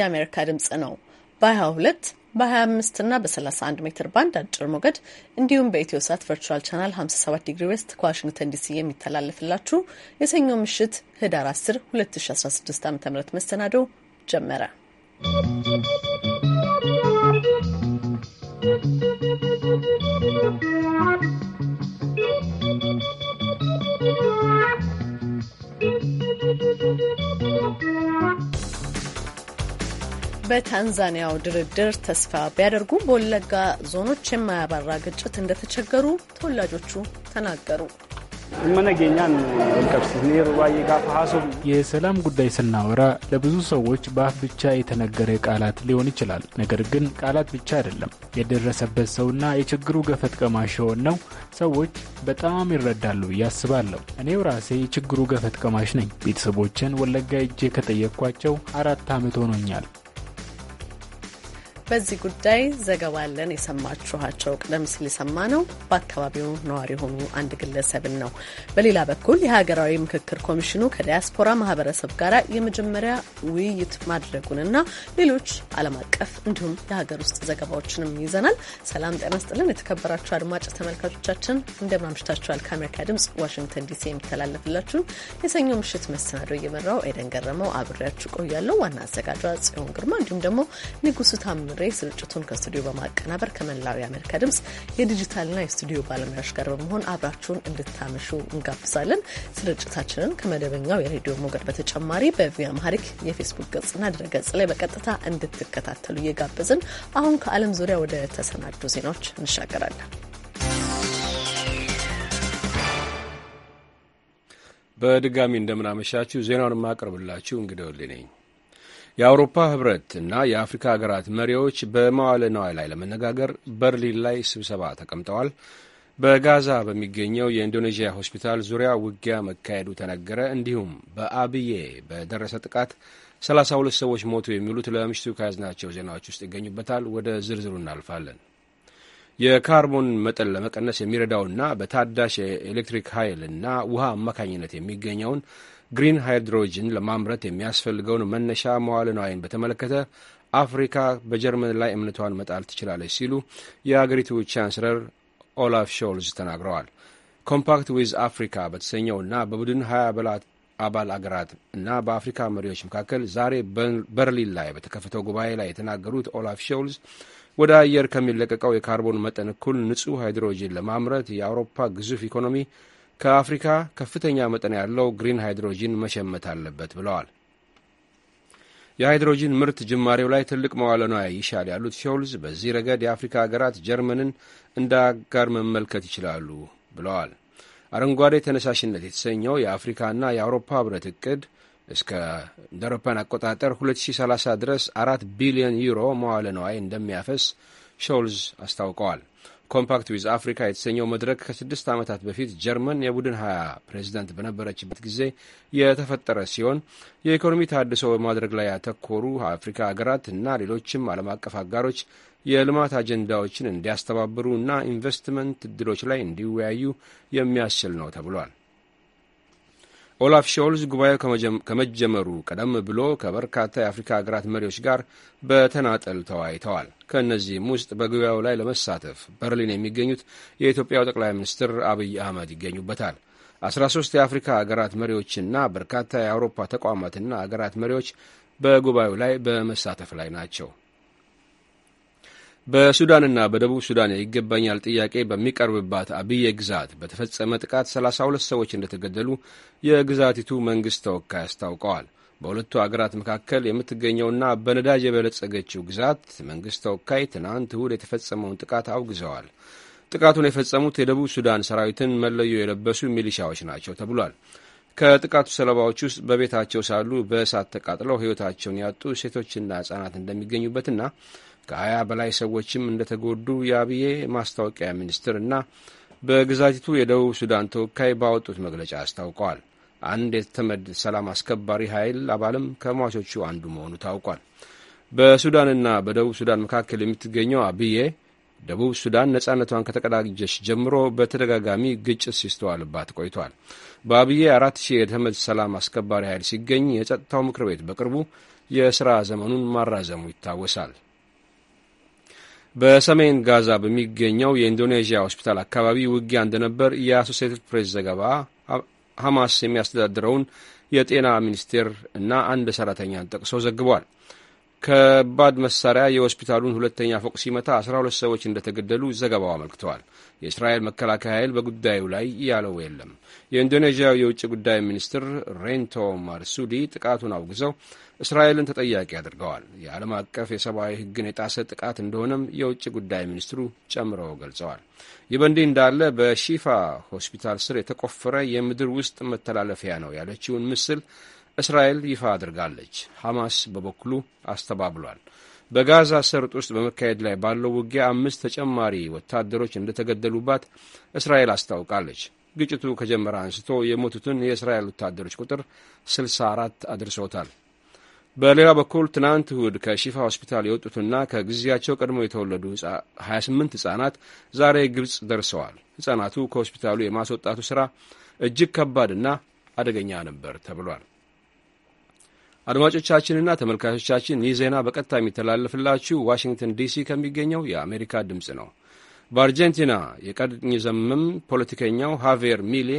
የአሜሪካ ድምጽ ነው። በ22 በ25 እና በ31 ሜትር ባንድ አጭር ሞገድ እንዲሁም በኢትዮ ሳት ቨርቹዋል ቻናል 57 ዲግሪ ዌስት ከዋሽንግተን ዲሲ የሚተላለፍላችሁ የሰኞ ምሽት ህዳር 10 2016 ዓ ም መሰናዶ ጀመረ። ¶¶ በታንዛኒያው ድርድር ተስፋ ቢያደርጉም በወለጋ ዞኖች የማያባራ ግጭት እንደተቸገሩ ተወላጆቹ ተናገሩ። የሰላም ጉዳይ ስናወራ ለብዙ ሰዎች በአፍ ብቻ የተነገረ ቃላት ሊሆን ይችላል። ነገር ግን ቃላት ብቻ አይደለም። የደረሰበት ሰውና የችግሩ ገፈት ቀማሽ ነው ሰዎች በጣም ይረዳሉ ብዬ አስባለሁ። እኔው ራሴ የችግሩ ገፈት ቀማሽ ነኝ። ቤተሰቦችን ወለጋ እጄ ከጠየቅኳቸው አራት ዓመት ሆኖኛል። በዚህ ጉዳይ ዘገባ አለን። የሰማችኋቸው ቀደም ሲል ነው በአካባቢው ነዋሪ የሆኑ አንድ ግለሰብን ነው። በሌላ በኩል የሀገራዊ ምክክር ኮሚሽኑ ከዲያስፖራ ማህበረሰብ ጋር የመጀመሪያ ውይይት ማድረጉንና ሌሎች ዓለም አቀፍ እንዲሁም የሀገር ውስጥ ዘገባዎችንም ይዘናል። ሰላም ጤና ስጥልን። የተከበራችሁ አድማጭ ተመልካቾቻችን እንደምን አምሽታችኋል። ከአሜሪካ ድምጽ ዋሽንግተን ዲሲ የሚተላለፍላችሁ የሰኞ ምሽት መሰናዶ እየመራው ኤደን ገረመው አብሬያችሁ ቆያለሁ። ዋና አዘጋጇ ጽዮን ግርማ እንዲሁም ደግሞ ንጉሱ ታምር አብሬ ስርጭቱን ከስቱዲዮ በማቀናበር ከመላው የአሜሪካ ድምፅ የዲጂታልና የስቱዲዮ ባለሙያዎች ጋር በመሆን አብራችሁን እንድታመሹ እንጋብዛለን። ስርጭታችንን ከመደበኛው የሬዲዮ ሞገድ በተጨማሪ በቪ አማሪክ የፌስቡክ ገጽና ድረገጽ ላይ በቀጥታ እንድትከታተሉ እየጋበዝን አሁን ከዓለም ዙሪያ ወደ ተሰናዱ ዜናዎች እንሻገራለን። በድጋሚ እንደምናመሻችሁ ዜናውን የማቀርብላችሁ እንግዲህ ወልነኝ የአውሮፓ ህብረት እና የአፍሪካ ሀገራት መሪዎች በመዋለ ነዋይ ላይ ለመነጋገር በርሊን ላይ ስብሰባ ተቀምጠዋል። በጋዛ በሚገኘው የኢንዶኔዥያ ሆስፒታል ዙሪያ ውጊያ መካሄዱ ተነገረ። እንዲሁም በአብዬ በደረሰ ጥቃት 32 ሰዎች ሞቱ። የሚሉት ለምሽቱ ከያዝናቸው ዜናዎች ውስጥ ይገኙበታል። ወደ ዝርዝሩ እናልፋለን። የካርቦን መጠን ለመቀነስ የሚረዳውና በታዳሽ የኤሌክትሪክ ኃይልና ውሃ አማካኝነት የሚገኘውን ግሪን ሃይድሮጅን ለማምረት የሚያስፈልገውን መነሻ መዋለ ንዋይን በተመለከተ አፍሪካ በጀርመን ላይ እምነቷን መጣል ትችላለች ሲሉ የአገሪቱ ቻንስለር ኦላፍ ሾልዝ ተናግረዋል። ኮምፓክት ዊዝ አፍሪካ በተሰኘውና በቡድን ሀያ አባል አገራት እና በአፍሪካ መሪዎች መካከል ዛሬ በርሊን ላይ በተከፈተው ጉባኤ ላይ የተናገሩት ኦላፍ ሾልዝ ወደ አየር ከሚለቀቀው የካርቦን መጠን እኩል ንጹህ ሃይድሮጂን ለማምረት የአውሮፓ ግዙፍ ኢኮኖሚ ከአፍሪካ ከፍተኛ መጠን ያለው ግሪን ሃይድሮጂን መሸመት አለበት ብለዋል። የሃይድሮጂን ምርት ጅማሬው ላይ ትልቅ መዋለ ንዋይ ይሻል ያሉት ሾልዝ በዚህ ረገድ የአፍሪካ ሀገራት ጀርመንን እንደ አጋር መመልከት ይችላሉ ብለዋል። አረንጓዴ ተነሳሽነት የተሰኘው የአፍሪካና የአውሮፓ ህብረት እቅድ እስከ እንደ አውሮፓን አቆጣጠር 2030 ድረስ አራት ቢሊዮን ዩሮ መዋለ ንዋይ እንደሚያፈስ ሾልዝ አስታውቀዋል። ኮምፓክት ዊዝ አፍሪካ የተሰኘው መድረክ ከስድስት ዓመታት በፊት ጀርመን የቡድን ሀያ ፕሬዚዳንት በነበረችበት ጊዜ የተፈጠረ ሲሆን የኢኮኖሚ ታድሶ በማድረግ ላይ ያተኮሩ አፍሪካ ሀገራት እና ሌሎችም ዓለም አቀፍ አጋሮች የልማት አጀንዳዎችን እንዲያስተባብሩ እና ኢንቨስትመንት እድሎች ላይ እንዲወያዩ የሚያስችል ነው ተብሏል። ኦላፍ ሾልዝ ጉባኤው ከመጀመሩ ቀደም ብሎ ከበርካታ የአፍሪካ ሀገራት መሪዎች ጋር በተናጠል ተወያይተዋል። ከእነዚህም ውስጥ በጉባኤው ላይ ለመሳተፍ በርሊን የሚገኙት የኢትዮጵያው ጠቅላይ ሚኒስትር አብይ አህመድ ይገኙበታል። 13 የአፍሪካ ሀገራት መሪዎችና በርካታ የአውሮፓ ተቋማትና ሀገራት መሪዎች በጉባኤው ላይ በመሳተፍ ላይ ናቸው። በሱዳንና በደቡብ ሱዳን ይገባኛል ጥያቄ በሚቀርብባት አብዬ ግዛት በተፈጸመ ጥቃት 32 ሰዎች እንደተገደሉ የግዛቲቱ መንግሥት ተወካይ አስታውቀዋል። በሁለቱ አገራት መካከል የምትገኘውና በነዳጅ የበለጸገችው ግዛት መንግሥት ተወካይ ትናንት እሁድ የተፈጸመውን ጥቃት አውግዘዋል። ጥቃቱን የፈጸሙት የደቡብ ሱዳን ሰራዊትን መለዮ የለበሱ ሚሊሻዎች ናቸው ተብሏል። ከጥቃቱ ሰለባዎች ውስጥ በቤታቸው ሳሉ በእሳት ተቃጥለው ሕይወታቸውን ያጡ ሴቶችና ሕጻናት እንደሚገኙበትና ከሀያ በላይ ሰዎችም እንደተጎዱ የአብዬ ማስታወቂያ ሚኒስትር እና በግዛቲቱ የደቡብ ሱዳን ተወካይ ባወጡት መግለጫ አስታውቀዋል። አንድ የተመድ ሰላም አስከባሪ ኃይል አባልም ከሟቾቹ አንዱ መሆኑ ታውቋል። በሱዳንና በደቡብ ሱዳን መካከል የምትገኘው አብዬ ደቡብ ሱዳን ነጻነቷን ከተቀዳጀች ጀምሮ በተደጋጋሚ ግጭት ሲስተዋልባት ቆይቷል። በአብዬ አራት ሺህ የተመድ ሰላም አስከባሪ ኃይል ሲገኝ የጸጥታው ምክር ቤት በቅርቡ የሥራ ዘመኑን ማራዘሙ ይታወሳል። በሰሜን ጋዛ በሚገኘው የኢንዶኔዥያ ሆስፒታል አካባቢ ውጊያ እንደነበር የአሶሴትድ ፕሬስ ዘገባ ሐማስ የሚያስተዳድረውን የጤና ሚኒስቴር እና አንድ ሰራተኛን ጠቅሶ ዘግቧል። ከባድ መሳሪያ የሆስፒታሉን ሁለተኛ ፎቅ ሲመታ 12 ሰዎች እንደተገደሉ ዘገባው አመልክተዋል። የእስራኤል መከላከያ ኃይል በጉዳዩ ላይ ያለው የለም። የኢንዶኔዥያው የውጭ ጉዳይ ሚኒስትር ሬንቶ ማርሱዲ ጥቃቱን አውግዘው እስራኤልን ተጠያቂ አድርገዋል። የዓለም አቀፍ የሰብአዊ ሕግን የጣሰ ጥቃት እንደሆነም የውጭ ጉዳይ ሚኒስትሩ ጨምረው ገልጸዋል። ይህ በእንዲህ እንዳለ በሺፋ ሆስፒታል ስር የተቆፈረ የምድር ውስጥ መተላለፊያ ነው ያለችውን ምስል እስራኤል ይፋ አድርጋለች። ሐማስ በበኩሉ አስተባብሏል። በጋዛ ሰርጥ ውስጥ በመካሄድ ላይ ባለው ውጊያ አምስት ተጨማሪ ወታደሮች እንደተገደሉባት እስራኤል አስታውቃለች። ግጭቱ ከጀመረ አንስቶ የሞቱትን የእስራኤል ወታደሮች ቁጥር 64 አድርሶታል። በሌላ በኩል ትናንት እሁድ ከሺፋ ሆስፒታል የወጡትና ከጊዜያቸው ቀድሞ የተወለዱ 28 ሕፃናት ዛሬ ግብፅ ደርሰዋል። ሕጻናቱ ከሆስፒታሉ የማስወጣቱ ሥራ እጅግ ከባድና አደገኛ ነበር ተብሏል። አድማጮቻችንና ተመልካቾቻችን ይህ ዜና በቀጥታ የሚተላለፍላችሁ ዋሽንግተን ዲሲ ከሚገኘው የአሜሪካ ድምፅ ነው። በአርጀንቲና የቀድኝ ዘመም ፖለቲከኛው ሃቬር ሚሌ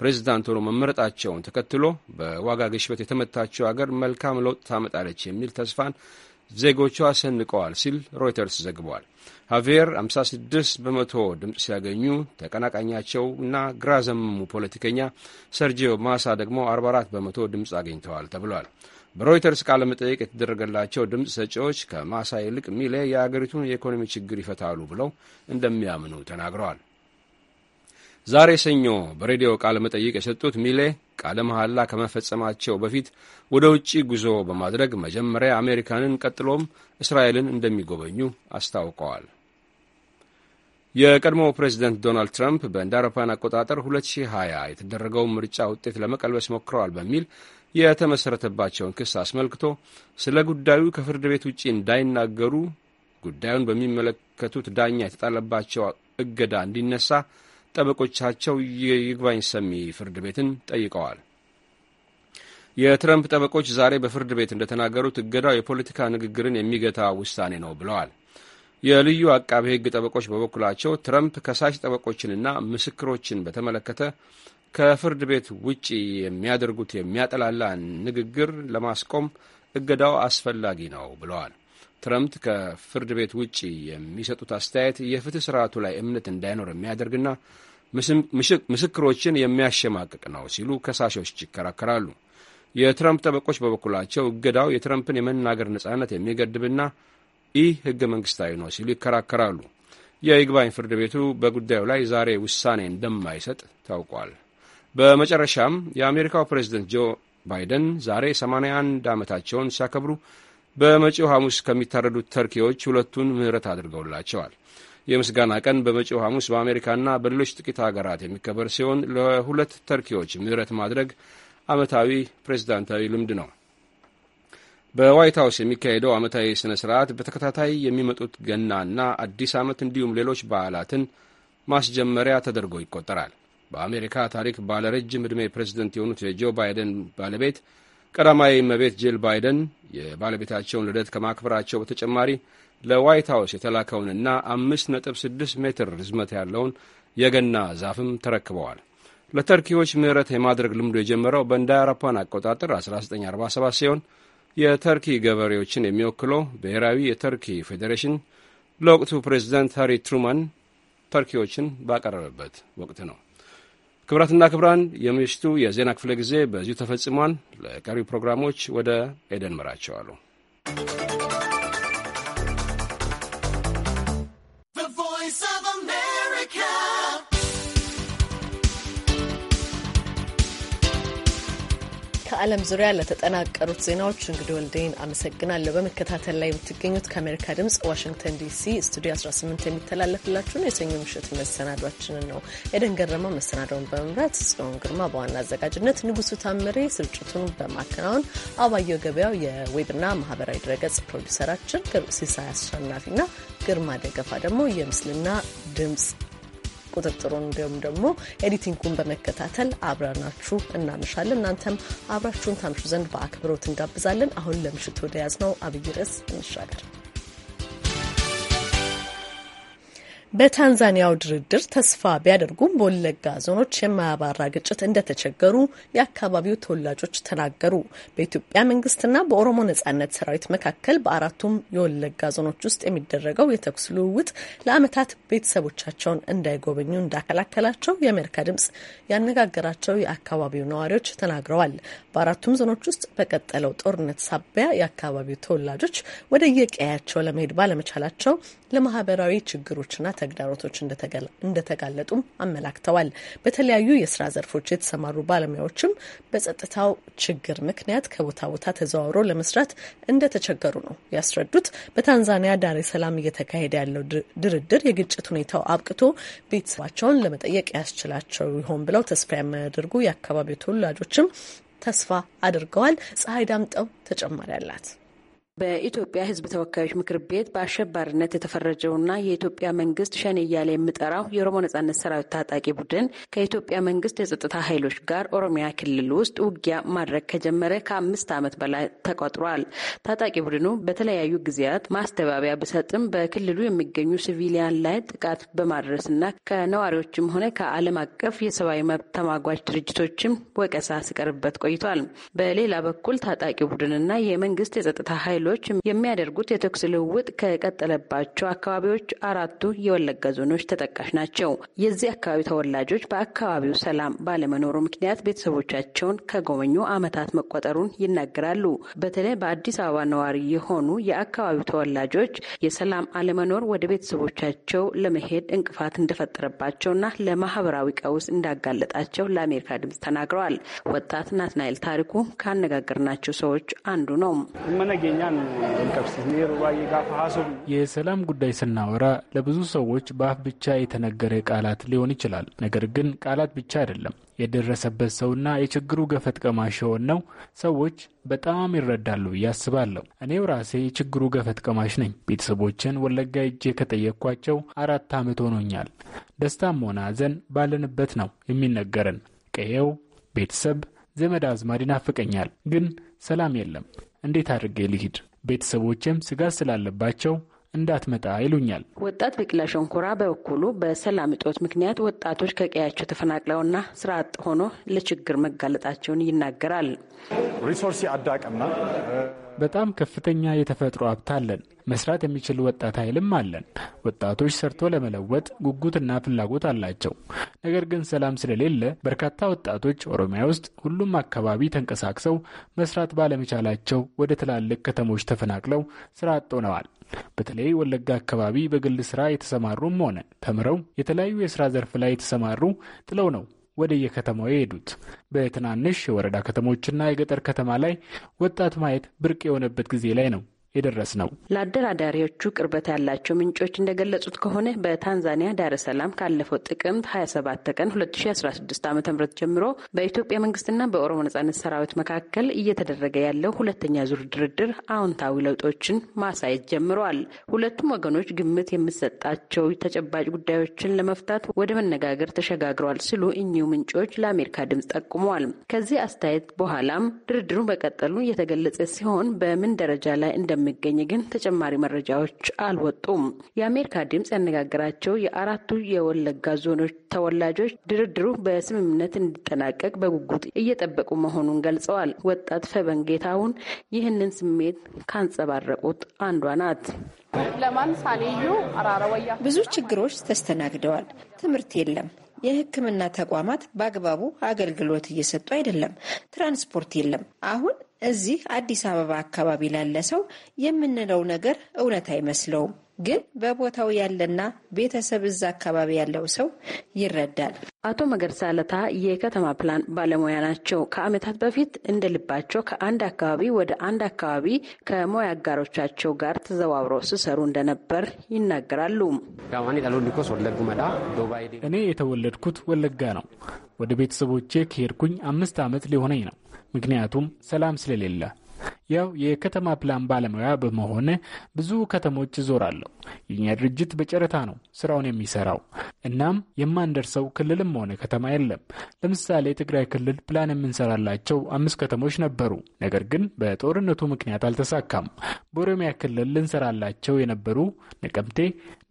ፕሬዚዳንት ሆኖ መመረጣቸውን ተከትሎ በዋጋ ግሽበት የተመታቸው አገር መልካም ለውጥ ታመጣለች የሚል ተስፋን ዜጎቿ ሰንቀዋል ሲል ሮይተርስ ዘግቧል። ሀቬር 56 በመቶ ድምፅ ሲያገኙ ተቀናቃኛቸውና ግራ ዘመሙ ፖለቲከኛ ሰርጂዮ ማሳ ደግሞ 44 በመቶ ድምፅ አግኝተዋል ተብሏል። በሮይተርስ ቃለ መጠየቅ የተደረገላቸው ድምፅ ሰጪዎች ከማሳ ይልቅ ሚሌ የአገሪቱን የኢኮኖሚ ችግር ይፈታሉ ብለው እንደሚያምኑ ተናግረዋል። ዛሬ ሰኞ በሬዲዮ ቃለ መጠይቅ የሰጡት ሚሌ ቃለ መሐላ ከመፈጸማቸው በፊት ወደ ውጭ ጉዞ በማድረግ መጀመሪያ አሜሪካንን ቀጥሎም እስራኤልን እንደሚጎበኙ አስታውቀዋል። የቀድሞው ፕሬዚደንት ዶናልድ ትራምፕ በእንደ አውሮፓውያን አቆጣጠር 2020 የተደረገውን ምርጫ ውጤት ለመቀልበስ ሞክረዋል በሚል የተመሠረተባቸውን ክስ አስመልክቶ ስለ ጉዳዩ ከፍርድ ቤት ውጪ እንዳይናገሩ ጉዳዩን በሚመለከቱት ዳኛ የተጣለባቸው እገዳ እንዲነሳ ጠበቆቻቸው የይግባኝ ሰሚ ፍርድ ቤትን ጠይቀዋል። የትረምፕ ጠበቆች ዛሬ በፍርድ ቤት እንደተናገሩት እገዳው የፖለቲካ ንግግርን የሚገታ ውሳኔ ነው ብለዋል። የልዩ አቃቤ ሕግ ጠበቆች በበኩላቸው ትረምፕ ከሳሽ ጠበቆችንና ምስክሮችን በተመለከተ ከፍርድ ቤት ውጪ የሚያደርጉት የሚያጠላላ ንግግር ለማስቆም እገዳው አስፈላጊ ነው ብለዋል። ትረምፕ ከፍርድ ቤት ውጭ የሚሰጡት አስተያየት የፍትህ ስርዓቱ ላይ እምነት እንዳይኖር የሚያደርግና ምስክሮችን የሚያሸማቅቅ ነው ሲሉ ከሳሾች ይከራከራሉ። የትረምፕ ጠበቆች በበኩላቸው እገዳው የትረምፕን የመናገር ነጻነት የሚገድብና ኢ ህገ መንግስታዊ ነው ሲሉ ይከራከራሉ። የይግባኝ ፍርድ ቤቱ በጉዳዩ ላይ ዛሬ ውሳኔ እንደማይሰጥ ታውቋል። በመጨረሻም የአሜሪካው ፕሬዝደንት ጆ ባይደን ዛሬ 81 ዓመታቸውን ሲያከብሩ በመጪው ሐሙስ ከሚታረዱት ተርኪዎች ሁለቱን ምህረት አድርገውላቸዋል። የምስጋና ቀን በመጪው ሐሙስ በአሜሪካና በሌሎች ጥቂት ሀገራት የሚከበር ሲሆን ለሁለት ተርኪዎች ምህረት ማድረግ ዓመታዊ ፕሬዝዳንታዊ ልምድ ነው። በዋይት ሀውስ የሚካሄደው ዓመታዊ ሥነ ሥርዓት በተከታታይ የሚመጡት ገናና አዲስ ዓመት እንዲሁም ሌሎች በዓላትን ማስጀመሪያ ተደርጎ ይቆጠራል። በአሜሪካ ታሪክ ባለረጅም ዕድሜ ፕሬዝደንት የሆኑት የጆ ባይደን ባለቤት ቀዳማዊ እመቤት ጂል ባይደን የባለቤታቸውን ልደት ከማክበራቸው በተጨማሪ ለዋይት ሀውስ የተላከውንና አምስት ነጥብ ስድስት ሜትር ርዝመት ያለውን የገና ዛፍም ተረክበዋል። ለተርኪዎች ምህረት የማድረግ ልምዱ የጀመረው በእንደ አውሮፓውያን አቆጣጠር 1947 ሲሆን የተርኪ ገበሬዎችን የሚወክለው ብሔራዊ የተርኪ ፌዴሬሽን ለወቅቱ ፕሬዚዳንት ሃሪ ትሩማን ተርኪዎችን ባቀረበበት ወቅት ነው። ክብራትና ክብራን የምሽቱ የዜና ክፍለ ጊዜ በዚሁ ተፈጽሟል። ለቀሪው ፕሮግራሞች ወደ ኤደን መራቸዋለሁ። ከዓለም ዙሪያ ለተጠናቀሩት ዜናዎች እንግዲህ ወልዴን አመሰግናለሁ። በመከታተል ላይ የምትገኙት ከአሜሪካ ድምጽ ዋሽንግተን ዲሲ ስቱዲዮ 18 የሚተላለፍላችሁን የሰኞ ምሽት መሰናዷችንን ነው። ኤደን ገረመው መሰናዳውን በመምራት ጽዮን ግርማ በዋና አዘጋጅነት፣ ንጉሱ ታምሬ ስርጭቱን በማከናወን አባየው ገበያው የዌብና ማህበራዊ ድረገጽ ፕሮዲሰራችን፣ ሲሳይ አሸናፊና ግርማ ደገፋ ደግሞ የምስልና ድምጽ ቁጥጥሩን እንዲሁም ደግሞ ኤዲቲንጉን በመከታተል አብረናችሁ እናመሻለን። እናንተም አብራችሁን ታምሹ ዘንድ በአክብሮት እንጋብዛለን። አሁን ለምሽት ወደ ያዝነው አብይ ርዕስ እንሻገር። በታንዛኒያው ድርድር ተስፋ ቢያደርጉም በወለጋ ዞኖች የማያባራ ግጭት እንደተቸገሩ የአካባቢው ተወላጆች ተናገሩ። በኢትዮጵያ መንግስትና በኦሮሞ ነጻነት ሰራዊት መካከል በአራቱም የወለጋ ዞኖች ውስጥ የሚደረገው የተኩስ ልውውጥ ለዓመታት ቤተሰቦቻቸውን እንዳይጎበኙ እንዳከላከላቸው የአሜሪካ ድምጽ ያነጋገራቸው የአካባቢው ነዋሪዎች ተናግረዋል። በአራቱም ዞኖች ውስጥ በቀጠለው ጦርነት ሳቢያ የአካባቢው ተወላጆች ወደየቀያቸው ለመሄድ ባለመቻላቸው ለማህበራዊ ችግሮችና ተግዳሮቶች እንደተጋለጡም አመላክተዋል። በተለያዩ የስራ ዘርፎች የተሰማሩ ባለሙያዎችም በጸጥታው ችግር ምክንያት ከቦታ ቦታ ተዘዋውሮ ለመስራት እንደተቸገሩ ነው ያስረዱት። በታንዛኒያ ዳሬ ሰላም እየተካሄደ ያለው ድርድር የግጭት ሁኔታው አብቅቶ ቤተሰባቸውን ለመጠየቅ ያስችላቸው ይሆን ብለው ተስፋ የሚያደርጉ የአካባቢው ተወላጆችም ተስፋ አድርገዋል። ፀሐይ ዳምጠው ተጨማሪ አላት። በኢትዮጵያ ሕዝብ ተወካዮች ምክር ቤት በአሸባሪነት የተፈረጀውና የኢትዮጵያ መንግስት ሸኔ እያለ የሚጠራው የኦሮሞ ነጻነት ሰራዊት ታጣቂ ቡድን ከኢትዮጵያ መንግስት የጸጥታ ኃይሎች ጋር ኦሮሚያ ክልል ውስጥ ውጊያ ማድረግ ከጀመረ ከአምስት ዓመት በላይ ተቆጥሯል። ታጣቂ ቡድኑ በተለያዩ ጊዜያት ማስተባበያ ቢሰጥም በክልሉ የሚገኙ ሲቪሊያን ላይ ጥቃት በማድረስና ከነዋሪዎችም ሆነ ከዓለም አቀፍ የሰብአዊ መብት ተማጓጅ ድርጅቶችም ወቀሳ ሲቀርብበት ቆይቷል። በሌላ በኩል ታጣቂ ቡድንና የመንግስት የጸጥታ ኃይ ኃይሎች የሚያደርጉት የተኩስ ልውውጥ ከቀጠለባቸው አካባቢዎች አራቱ የወለጋ ዞኖች ተጠቃሽ ናቸው። የዚህ አካባቢ ተወላጆች በአካባቢው ሰላም ባለመኖሩ ምክንያት ቤተሰቦቻቸውን ከጎበኙ ዓመታት መቆጠሩን ይናገራሉ። በተለይ በአዲስ አበባ ነዋሪ የሆኑ የአካባቢው ተወላጆች የሰላም አለመኖር ወደ ቤተሰቦቻቸው ለመሄድ እንቅፋት እንደፈጠረባቸውና ለማህበራዊ ቀውስ እንዳጋለጣቸው ለአሜሪካ ድምጽ ተናግረዋል። ወጣት ናትናኤል ታሪኩ ካነጋገርናቸው ሰዎች አንዱ ነው። መነገኛ የሰላም ጉዳይ ስናወራ ለብዙ ሰዎች በአፍ ብቻ የተነገረ ቃላት ሊሆን ይችላል። ነገር ግን ቃላት ብቻ አይደለም። የደረሰበት ሰውና የችግሩ ገፈት ቀማሽ የሆነው ሰዎች በጣም ይረዳሉ ብዬ አስባለሁ። እኔው ራሴ የችግሩ ገፈት ቀማሽ ነኝ። ቤተሰቦችን ወለጋ እጄ ከጠየቅኳቸው አራት ዓመት ሆኖኛል። ደስታም ሆነ ሐዘን ባለንበት ነው የሚነገረን። ቀየው፣ ቤተሰብ፣ ዘመድ አዝማድ ይናፍቀኛል፣ ግን ሰላም የለም። እንዴት አድርጌ ልሂድ? ቤተሰቦችም ስጋት ስላለባቸው እንዳትመጣ ይሉኛል። ወጣት ቢቅላ ሸንኮራ በበኩሉ በሰላም እጦት ምክንያት ወጣቶች ከቀያቸው ተፈናቅለውና ስራ አጥ ሆኖ ለችግር መጋለጣቸውን ይናገራል። ሪሶርስ አዳቅምና በጣም ከፍተኛ የተፈጥሮ ሀብት አለን። መስራት የሚችል ወጣት ኃይልም አለን። ወጣቶች ሰርቶ ለመለወጥ ጉጉትና ፍላጎት አላቸው። ነገር ግን ሰላም ስለሌለ በርካታ ወጣቶች ኦሮሚያ ውስጥ ሁሉም አካባቢ ተንቀሳቅሰው መስራት ባለመቻላቸው ወደ ትላልቅ ከተሞች ተፈናቅለው ስራ አጥ ሆነዋል። በተለይ ወለጋ አካባቢ በግል ስራ የተሰማሩም ሆነ ተምረው የተለያዩ የስራ ዘርፍ ላይ የተሰማሩ ጥለው ነው ወደ የከተማው የሄዱት። በትናንሽ የወረዳ ከተሞችና የገጠር ከተማ ላይ ወጣት ማየት ብርቅ የሆነበት ጊዜ ላይ ነው የደረስ ነው። ለአደራዳሪዎቹ ቅርበት ያላቸው ምንጮች እንደገለጹት ከሆነ በታንዛኒያ ዳረ ሰላም ካለፈው ጥቅምት 27 ቀን 2016 ዓ ም ጀምሮ በኢትዮጵያ መንግስትና በኦሮሞ ነጻነት ሰራዊት መካከል እየተደረገ ያለው ሁለተኛ ዙር ድርድር አዎንታዊ ለውጦችን ማሳየት ጀምረዋል። ሁለቱም ወገኖች ግምት የሚሰጣቸው ተጨባጭ ጉዳዮችን ለመፍታት ወደ መነጋገር ተሸጋግረዋል ሲሉ እኚሁ ምንጮች ለአሜሪካ ድምጽ ጠቁመዋል። ከዚህ አስተያየት በኋላም ድርድሩ በቀጠሉ እየተገለጸ ሲሆን በምን ደረጃ ላይ እንደ እንደሚገኝ ግን ተጨማሪ መረጃዎች አልወጡም። የአሜሪካ ድምፅ ያነጋገራቸው የአራቱ የወለጋ ዞኖች ተወላጆች ድርድሩ በስምምነት እንዲጠናቀቅ በጉጉት እየጠበቁ መሆኑን ገልጸዋል። ወጣት ፈበን ጌታሁን ይህንን ስሜት ካንጸባረቁት አንዷ ናት። ብዙ ችግሮች ተስተናግደዋል። ትምህርት የለም። የሕክምና ተቋማት በአግባቡ አገልግሎት እየሰጡ አይደለም። ትራንስፖርት የለም። አሁን እዚህ አዲስ አበባ አካባቢ ላለ ሰው የምንለው ነገር እውነት አይመስለውም። ግን በቦታው ያለና ቤተሰብ እዛ አካባቢ ያለው ሰው ይረዳል። አቶ መገርሳ ለታ የከተማ ፕላን ባለሙያ ናቸው። ከዓመታት በፊት እንደ ልባቸው ከአንድ አካባቢ ወደ አንድ አካባቢ ከሙያ አጋሮቻቸው ጋር ተዘዋብረው ሲሰሩ እንደነበር ይናገራሉ። እኔ የተወለድኩት ወለጋ ነው። ወደ ቤተሰቦቼ ከሄድኩኝ አምስት ዓመት ሊሆነኝ ነው። ምክንያቱም ሰላም ስለሌለ ያው የከተማ ፕላን ባለሙያ በመሆን ብዙ ከተሞች እዞራለሁ። የኛ ድርጅት በጨረታ ነው ስራውን የሚሰራው። እናም የማንደርሰው ክልልም ሆነ ከተማ የለም። ለምሳሌ የትግራይ ክልል ፕላን የምንሰራላቸው አምስት ከተሞች ነበሩ፣ ነገር ግን በጦርነቱ ምክንያት አልተሳካም። በኦሮሚያ ክልል ልንሰራላቸው የነበሩ ነቀምቴ፣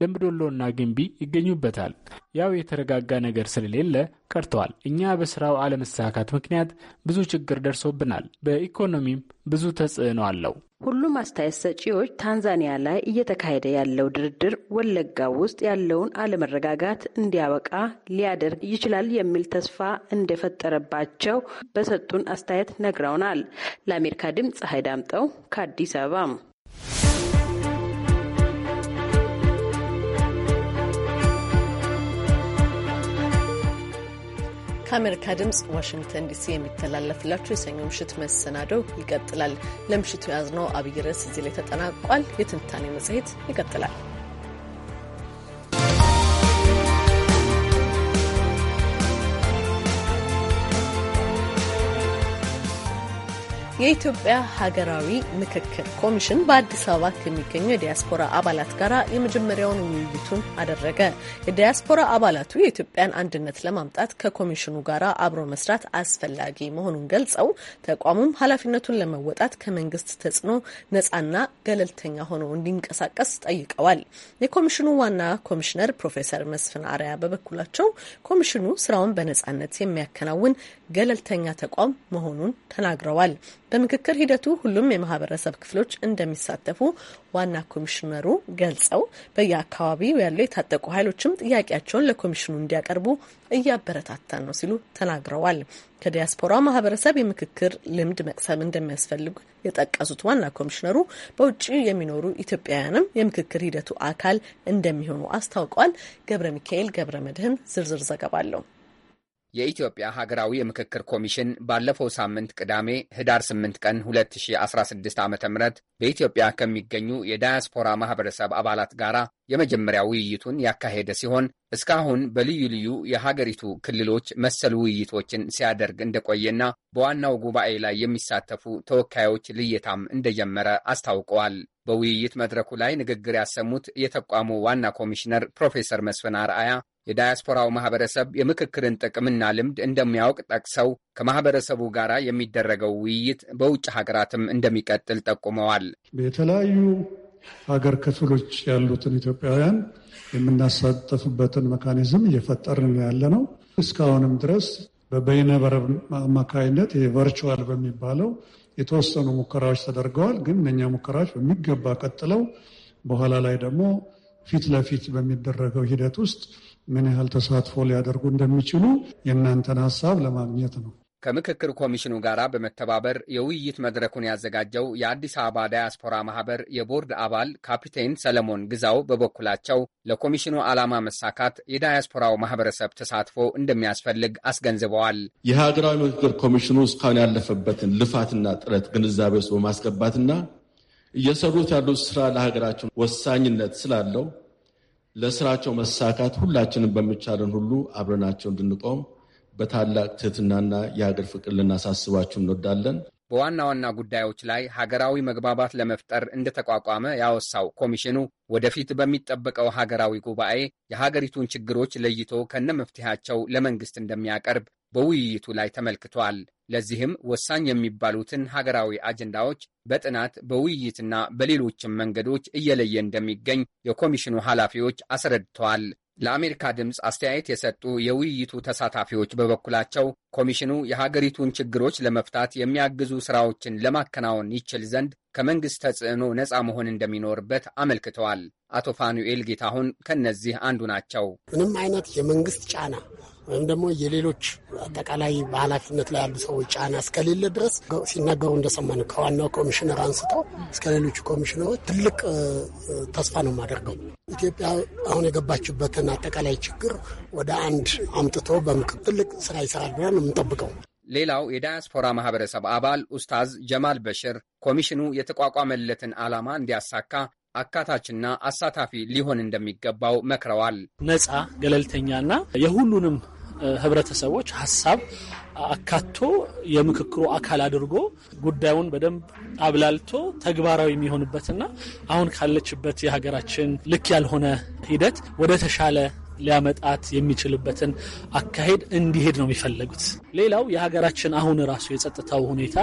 ደምቢዶሎና ግንቢ ይገኙበታል። ያው የተረጋጋ ነገር ስለሌለ ቀርተዋል። እኛ በስራው አለመሳካት ምክንያት ብዙ ችግር ደርሶብናል። በኢኮኖሚም ብዙ ተ ተጽዕኖ አለው። ሁሉም አስተያየት ሰጪዎች ታንዛኒያ ላይ እየተካሄደ ያለው ድርድር ወለጋ ውስጥ ያለውን አለመረጋጋት እንዲያበቃ ሊያደርግ ይችላል የሚል ተስፋ እንደፈጠረባቸው በሰጡን አስተያየት ነግረውናል። ለአሜሪካ ድምፅ ፀሐይ ዳምጠው ከአዲስ አበባ ከአሜሪካ ድምፅ ዋሽንግተን ዲሲ የሚተላለፍላችሁ የሰኞ ምሽት መሰናዶው ይቀጥላል። ለምሽቱ የያዝነው አብይ ርዕስ እዚህ ላይ ተጠናቋል። የትንታኔ መጽሔት ይቀጥላል። የኢትዮጵያ ሀገራዊ ምክክር ኮሚሽን በአዲስ አበባ ከሚገኙ የዲያስፖራ አባላት ጋር የመጀመሪያውን ውይይቱን አደረገ። የዲያስፖራ አባላቱ የኢትዮጵያን አንድነት ለማምጣት ከኮሚሽኑ ጋር አብሮ መስራት አስፈላጊ መሆኑን ገልጸው ተቋሙም ኃላፊነቱን ለመወጣት ከመንግስት ተጽዕኖ ነጻና ገለልተኛ ሆኖ እንዲንቀሳቀስ ጠይቀዋል። የኮሚሽኑ ዋና ኮሚሽነር ፕሮፌሰር መስፍን አርያ በበኩላቸው ኮሚሽኑ ስራውን በነጻነት የሚያከናውን ገለልተኛ ተቋም መሆኑን ተናግረዋል። በምክክር ሂደቱ ሁሉም የማህበረሰብ ክፍሎች እንደሚሳተፉ ዋና ኮሚሽነሩ ገልጸው በየአካባቢው ያሉ የታጠቁ ኃይሎችም ጥያቄያቸውን ለኮሚሽኑ እንዲያቀርቡ እያበረታታን ነው ሲሉ ተናግረዋል። ከዲያስፖራ ማህበረሰብ የምክክር ልምድ መቅሰም እንደሚያስፈልግ የጠቀሱት ዋና ኮሚሽነሩ በውጭ የሚኖሩ ኢትዮጵያውያንም የምክክር ሂደቱ አካል እንደሚሆኑ አስታውቀዋል። ገብረ ሚካኤል ገብረ መድህን ዝርዝር ዘገባ አለው። የኢትዮጵያ ሀገራዊ የምክክር ኮሚሽን ባለፈው ሳምንት ቅዳሜ ህዳር 8 ቀን 2016 ዓ ም በኢትዮጵያ ከሚገኙ የዳያስፖራ ማህበረሰብ አባላት ጋር የመጀመሪያ ውይይቱን ያካሄደ ሲሆን እስካሁን በልዩ ልዩ የሀገሪቱ ክልሎች መሰል ውይይቶችን ሲያደርግ እንደቆየና በዋናው ጉባኤ ላይ የሚሳተፉ ተወካዮች ልየታም እንደጀመረ አስታውቀዋል። በውይይት መድረኩ ላይ ንግግር ያሰሙት የተቋሙ ዋና ኮሚሽነር ፕሮፌሰር መስፍን አርአያ የዳያስፖራው ማህበረሰብ የምክክርን ጥቅምና ልምድ እንደሚያውቅ ጠቅሰው ከማህበረሰቡ ጋር የሚደረገው ውይይት በውጭ ሀገራትም እንደሚቀጥል ጠቁመዋል። የተለያዩ ሀገር ክፍሎች ያሉትን ኢትዮጵያውያን የምናሳተፍበትን መካኒዝም እየፈጠርን ያለ ነው። እስካሁንም ድረስ በበይነበረብ አማካይነት ቨርቹዋል በሚባለው የተወሰኑ ሙከራዎች ተደርገዋል። ግን እነኛ ሙከራዎች በሚገባ ቀጥለው በኋላ ላይ ደግሞ ፊት ለፊት በሚደረገው ሂደት ውስጥ ምን ያህል ተሳትፎ ሊያደርጉ እንደሚችሉ የእናንተን ሀሳብ ለማግኘት ነው። ከምክክር ኮሚሽኑ ጋር በመተባበር የውይይት መድረኩን ያዘጋጀው የአዲስ አበባ ዳያስፖራ ማህበር የቦርድ አባል ካፒቴን ሰለሞን ግዛው በበኩላቸው ለኮሚሽኑ ዓላማ መሳካት የዳያስፖራው ማህበረሰብ ተሳትፎ እንደሚያስፈልግ አስገንዝበዋል። የሀገራዊ ምክክር ኮሚሽኑ እስካሁን ያለፈበትን ልፋትና ጥረት ግንዛቤ ውስጥ በማስገባትና እየሰሩት ያሉት ስራ ለሀገራቸው ወሳኝነት ስላለው ለስራቸው መሳካት ሁላችንም በሚቻለን ሁሉ አብረናቸው እንድንቆም በታላቅ ትህትናና የሀገር ፍቅር ልናሳስባችሁ እንወዳለን። በዋና ዋና ጉዳዮች ላይ ሀገራዊ መግባባት ለመፍጠር እንደተቋቋመ ያወሳው ኮሚሽኑ ወደፊት በሚጠበቀው ሀገራዊ ጉባኤ የሀገሪቱን ችግሮች ለይቶ ከነመፍትሄያቸው ለመንግስት እንደሚያቀርብ በውይይቱ ላይ ተመልክቷል። ለዚህም ወሳኝ የሚባሉትን ሀገራዊ አጀንዳዎች በጥናት በውይይትና በሌሎችም መንገዶች እየለየ እንደሚገኝ የኮሚሽኑ ኃላፊዎች አስረድተዋል። ለአሜሪካ ድምፅ አስተያየት የሰጡ የውይይቱ ተሳታፊዎች በበኩላቸው ኮሚሽኑ የሀገሪቱን ችግሮች ለመፍታት የሚያግዙ ስራዎችን ለማከናወን ይችል ዘንድ ከመንግሥት ተጽዕኖ ነፃ መሆን እንደሚኖርበት አመልክተዋል። አቶ ፋኑኤል ጌታሁን ከእነዚህ አንዱ ናቸው። ምንም አይነት የመንግስት ጫና ወይም ደግሞ የሌሎች አጠቃላይ በኃላፊነት ላይ ያሉ ሰዎች ጫና እስከሌለ ድረስ ሲናገሩ እንደሰማን ከዋናው ኮሚሽነር አንስተው እስከ ሌሎቹ ኮሚሽነሮች ትልቅ ተስፋ ነው የማደርገው። ኢትዮጵያ አሁን የገባችበትን አጠቃላይ ችግር ወደ አንድ አምጥቶ በምክር ትልቅ ስራ ይሰራል ብለን ነው የምንጠብቀው። ሌላው የዳያስፖራ ማህበረሰብ አባል ኡስታዝ ጀማል በሽር ኮሚሽኑ የተቋቋመለትን ዓላማ እንዲያሳካ አካታችና አሳታፊ ሊሆን እንደሚገባው መክረዋል። ነጻ ገለልተኛና የሁሉንም ህብረተሰቦች ሀሳብ አካቶ የምክክሩ አካል አድርጎ ጉዳዩን በደንብ አብላልቶ ተግባራዊ የሚሆንበትና አሁን ካለችበት የሀገራችን ልክ ያልሆነ ሂደት ወደ ተሻለ ሊያመጣት የሚችልበትን አካሄድ እንዲሄድ ነው የሚፈለጉት። ሌላው የሀገራችን አሁን ራሱ የጸጥታው ሁኔታ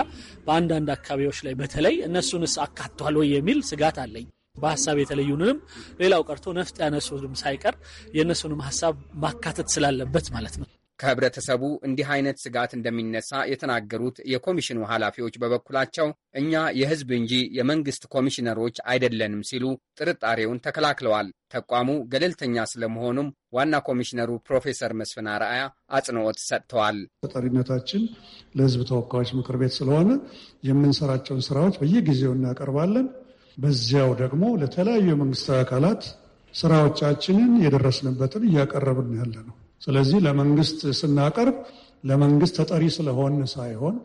በአንዳንድ አካባቢዎች ላይ በተለይ እነሱንስ አካቷል ወይ የሚል ስጋት አለኝ። በሀሳብ የተለዩንም ሌላው ቀርቶ ነፍጥ ያነሱንም ሳይቀር የእነሱንም ሀሳብ ማካተት ስላለበት ማለት ነው። ከህብረተሰቡ እንዲህ አይነት ስጋት እንደሚነሳ የተናገሩት የኮሚሽኑ ኃላፊዎች በበኩላቸው እኛ የህዝብ እንጂ የመንግስት ኮሚሽነሮች አይደለንም ሲሉ ጥርጣሬውን ተከላክለዋል። ተቋሙ ገለልተኛ ስለመሆኑም ዋና ኮሚሽነሩ ፕሮፌሰር መስፍን አርአያ አጽንኦት ሰጥተዋል። ተጠሪነታችን ለህዝብ ተወካዮች ምክር ቤት ስለሆነ የምንሰራቸውን ስራዎች በየጊዜው እናቀርባለን። በዚያው ደግሞ ለተለያዩ የመንግስት አካላት ስራዎቻችንን የደረስንበትን እያቀረብን ያለ ነው። ስለዚህ ለመንግስት ስናቀርብ ለመንግስት ተጠሪ ስለሆን ሳይሆን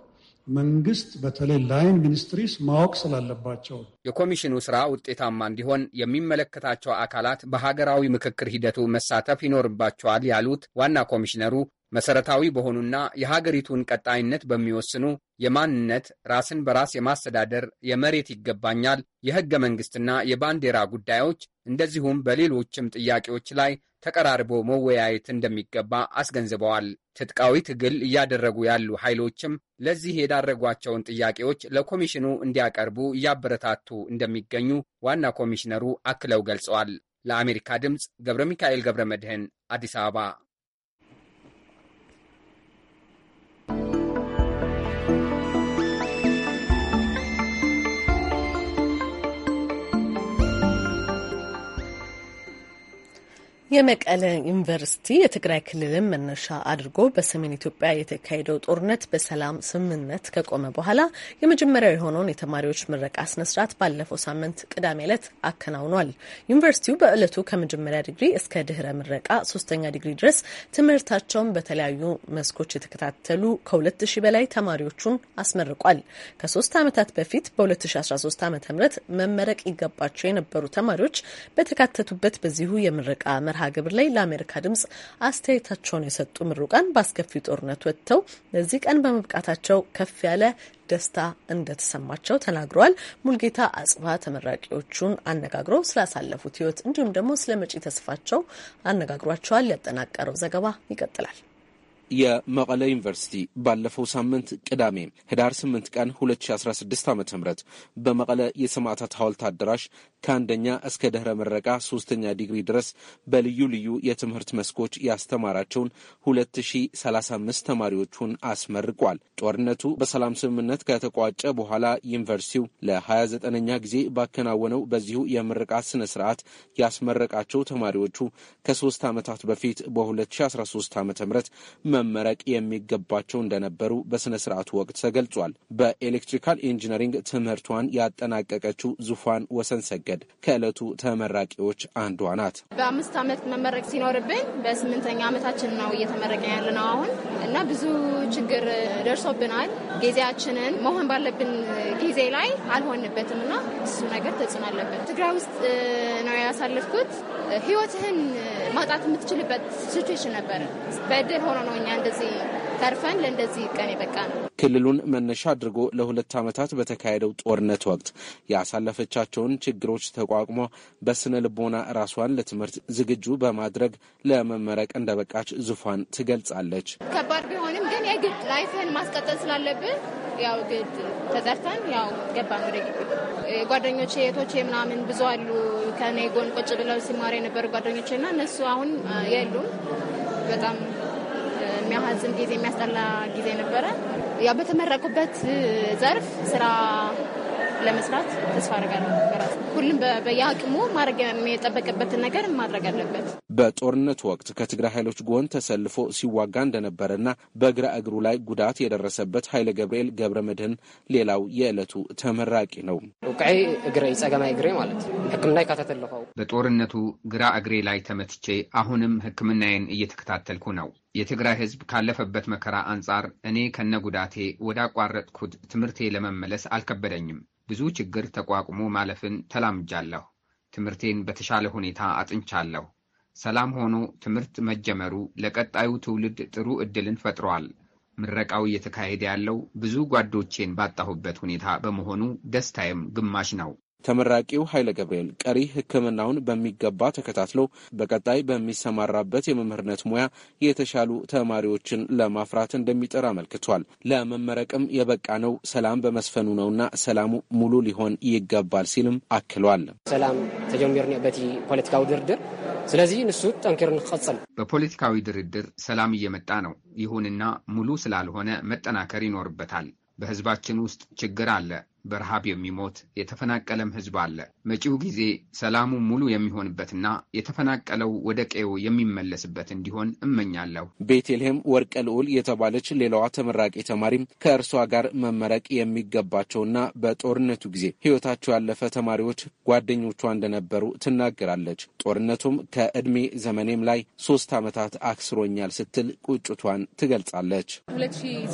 መንግስት በተለይ ላይን ሚኒስትሪስ ማወቅ ስላለባቸው የኮሚሽኑ ስራ ውጤታማ እንዲሆን የሚመለከታቸው አካላት በሀገራዊ ምክክር ሂደቱ መሳተፍ ይኖርባቸዋል ያሉት ዋና ኮሚሽነሩ መሰረታዊ በሆኑና የሀገሪቱን ቀጣይነት በሚወስኑ የማንነት ራስን በራስ የማስተዳደር የመሬት ይገባኛል፣ የህገ መንግስትና የባንዲራ ጉዳዮች እንደዚሁም በሌሎችም ጥያቄዎች ላይ ተቀራርቦ መወያየት እንደሚገባ አስገንዝበዋል። ትጥቃዊ ትግል እያደረጉ ያሉ ኃይሎችም ለዚህ የዳረጓቸውን ጥያቄዎች ለኮሚሽኑ እንዲያቀርቡ እያበረታቱ እንደሚገኙ ዋና ኮሚሽነሩ አክለው ገልጸዋል። ለአሜሪካ ድምፅ ገብረ ሚካኤል ገብረ መድህን አዲስ አበባ የመቀለ ዩኒቨርሲቲ የትግራይ ክልልን መነሻ አድርጎ በሰሜን ኢትዮጵያ የተካሄደው ጦርነት በሰላም ስምምነት ከቆመ በኋላ የመጀመሪያው የሆነውን የተማሪዎች ምረቃ ስነስርዓት ባለፈው ሳምንት ቅዳሜ ዕለት አከናውኗል። ዩኒቨርሲቲው በዕለቱ ከመጀመሪያ ዲግሪ እስከ ድህረ ምረቃ ሶስተኛ ዲግሪ ድረስ ትምህርታቸውን በተለያዩ መስኮች የተከታተሉ ከ ሺህ በላይ ተማሪዎቹን አስመርቋል። ከሶስት ዓመታት በፊት በ2013 ዓ ም መመረቅ ይገባቸው የነበሩ ተማሪዎች በተካተቱበት በዚሁ የምረቃ መርሃ መርሃ ግብር ላይ ለአሜሪካ ድምጽ አስተያየታቸውን የሰጡ ምሩቃን በአስከፊ ጦርነት ወጥተው ለዚህ ቀን በመብቃታቸው ከፍ ያለ ደስታ እንደተሰማቸው ተናግረዋል። ሙልጌታ አጽባ ተመራቂዎቹን አነጋግሮ ስላሳለፉት ህይወት እንዲሁም ደግሞ ስለ መጪ ተስፋቸው አነጋግሯቸዋል። ያጠናቀረው ዘገባ ይቀጥላል። የመቀለ ዩኒቨርሲቲ ባለፈው ሳምንት ቅዳሜ ህዳር 8 ቀን 2016 ዓ ም በመቀለ የሰማዕታት ሐውልት አዳራሽ ከአንደኛ እስከ ድኅረ ምረቃ ሶስተኛ ዲግሪ ድረስ በልዩ ልዩ የትምህርት መስኮች ያስተማራቸውን 2035 ተማሪዎቹን አስመርቋል። ጦርነቱ በሰላም ስምምነት ከተቋጨ በኋላ ዩኒቨርሲቲው ለ29ኛ ጊዜ ባከናወነው በዚሁ የምርቃት ስነ ስርዓት ያስመረቃቸው ተማሪዎቹ ከሶስት ዓመታት በፊት በ2013 ዓ ም መመረቅ የሚገባቸው እንደነበሩ በስነ ስርዓቱ ወቅት ተገልጿል። በኤሌክትሪካል ኢንጂነሪንግ ትምህርቷን ያጠናቀቀችው ዙፋን ወሰን ሰገድ ከዕለቱ ተመራቂዎች አንዷ ናት። በአምስት ዓመት መመረቅ ሲኖርብን በስምንተኛ ዓመታችን ነው እየተመረቀ ያለ ነው አሁን እና ብዙ ችግር ደርሶብናል። ጊዜያችንን መሆን ባለብን ጊዜ ላይ አልሆንበትም እና እሱ ነገር ተጽዕኖ አለበት። ትግራይ ውስጥ ነው ያሳለፍኩት። ህይወትህን ማውጣት የምትችልበት ሲቹዌሽን ነበር። በእድል ሆኖ ነው እኛ እንደዚህ ተርፈን ለእንደዚህ ቀን የበቃ ነው። ክልሉን መነሻ አድርጎ ለሁለት ዓመታት በተካሄደው ጦርነት ወቅት ያሳለፈቻቸውን ችግሮች ተቋቁሞ በስነ ልቦና ራሷን ለትምህርት ዝግጁ በማድረግ ለመመረቅ እንደበቃች ዙፋን ትገልጻለች። ከባድ ቢሆንም ግን የግድ ላይፍህን ማስቀጠል ስላለብን ያው ግድ ተጠርተን ያው ገባን ወደ ግቢ። ጓደኞቼ እህቶቼ ምናምን ብዙ አሉ ከኔ ጎን ቁጭ ብለው ሲማር የነበሩ ጓደኞቼ እና እነሱ አሁን የሉም በጣም የሚያሳዝን ጊዜ፣ የሚያስጠላ ጊዜ ነበረ። ያው በተመረቁበት ዘርፍ ስራ ለመስራት ተስፋ አደርጋለሁ። ሁሉም በየአቅሙ ማድረግ የጠበቀበትን ነገር ማድረግ አለበት። በጦርነት ወቅት ከትግራይ ኃይሎች ጎን ተሰልፎ ሲዋጋ እንደነበረና በግራ እግሩ ላይ ጉዳት የደረሰበት ኃይለ ገብርኤል ገብረ መድህን ሌላው የዕለቱ ተመራቂ ነው። ውቃይ እግረ ጸገማይ እግሬ ማለት ሕክምና ይካተተለፈው በጦርነቱ ግራ እግሬ ላይ ተመትቼ አሁንም ሕክምናዬን እየተከታተልኩ ነው። የትግራይ ህዝብ ካለፈበት መከራ አንጻር እኔ ከነ ጉዳቴ ወዳቋረጥኩት ትምህርቴ ለመመለስ አልከበደኝም። ብዙ ችግር ተቋቁሞ ማለፍን ተላምጃለሁ። ትምህርቴን በተሻለ ሁኔታ አጥንቻለሁ። ሰላም ሆኖ ትምህርት መጀመሩ ለቀጣዩ ትውልድ ጥሩ ዕድልን ፈጥሯል። ምረቃው እየተካሄደ ያለው ብዙ ጓዶቼን ባጣሁበት ሁኔታ በመሆኑ ደስታዬም ግማሽ ነው። ተመራቂው ኃይለ ገብርኤል ቀሪ ሕክምናውን በሚገባ ተከታትሎ በቀጣይ በሚሰማራበት የመምህርነት ሙያ የተሻሉ ተማሪዎችን ለማፍራት እንደሚጥር አመልክቷል። ለመመረቅም የበቃ ነው ሰላም በመስፈኑ ነውና ሰላሙ ሙሉ ሊሆን ይገባል ሲልም አክሏል። ሰላም ተጀሚሩ በቲ ፖለቲካዊ ድርድር ስለዚህ ንሱ ጠንክር ንክቀጽል በፖለቲካዊ ድርድር ሰላም እየመጣ ነው። ይሁንና ሙሉ ስላልሆነ መጠናከር ይኖርበታል። በህዝባችን ውስጥ ችግር አለ። በረሃብ የሚሞት የተፈናቀለም ህዝብ አለ። መጪው ጊዜ ሰላሙ ሙሉ የሚሆንበትና የተፈናቀለው ወደ ቀዬው የሚመለስበት እንዲሆን እመኛለሁ። ቤቴልሔም ወርቀ ልዑል የተባለች ሌላዋ ተመራቂ ተማሪም ከእርሷ ጋር መመረቅ የሚገባቸውና በጦርነቱ ጊዜ ህይወታቸው ያለፈ ተማሪዎች ጓደኞቿ እንደነበሩ ትናገራለች። ጦርነቱም ከእድሜ ዘመኔም ላይ ሶስት ዓመታት አክስሮኛል ስትል ቁጭቷን ትገልጻለች።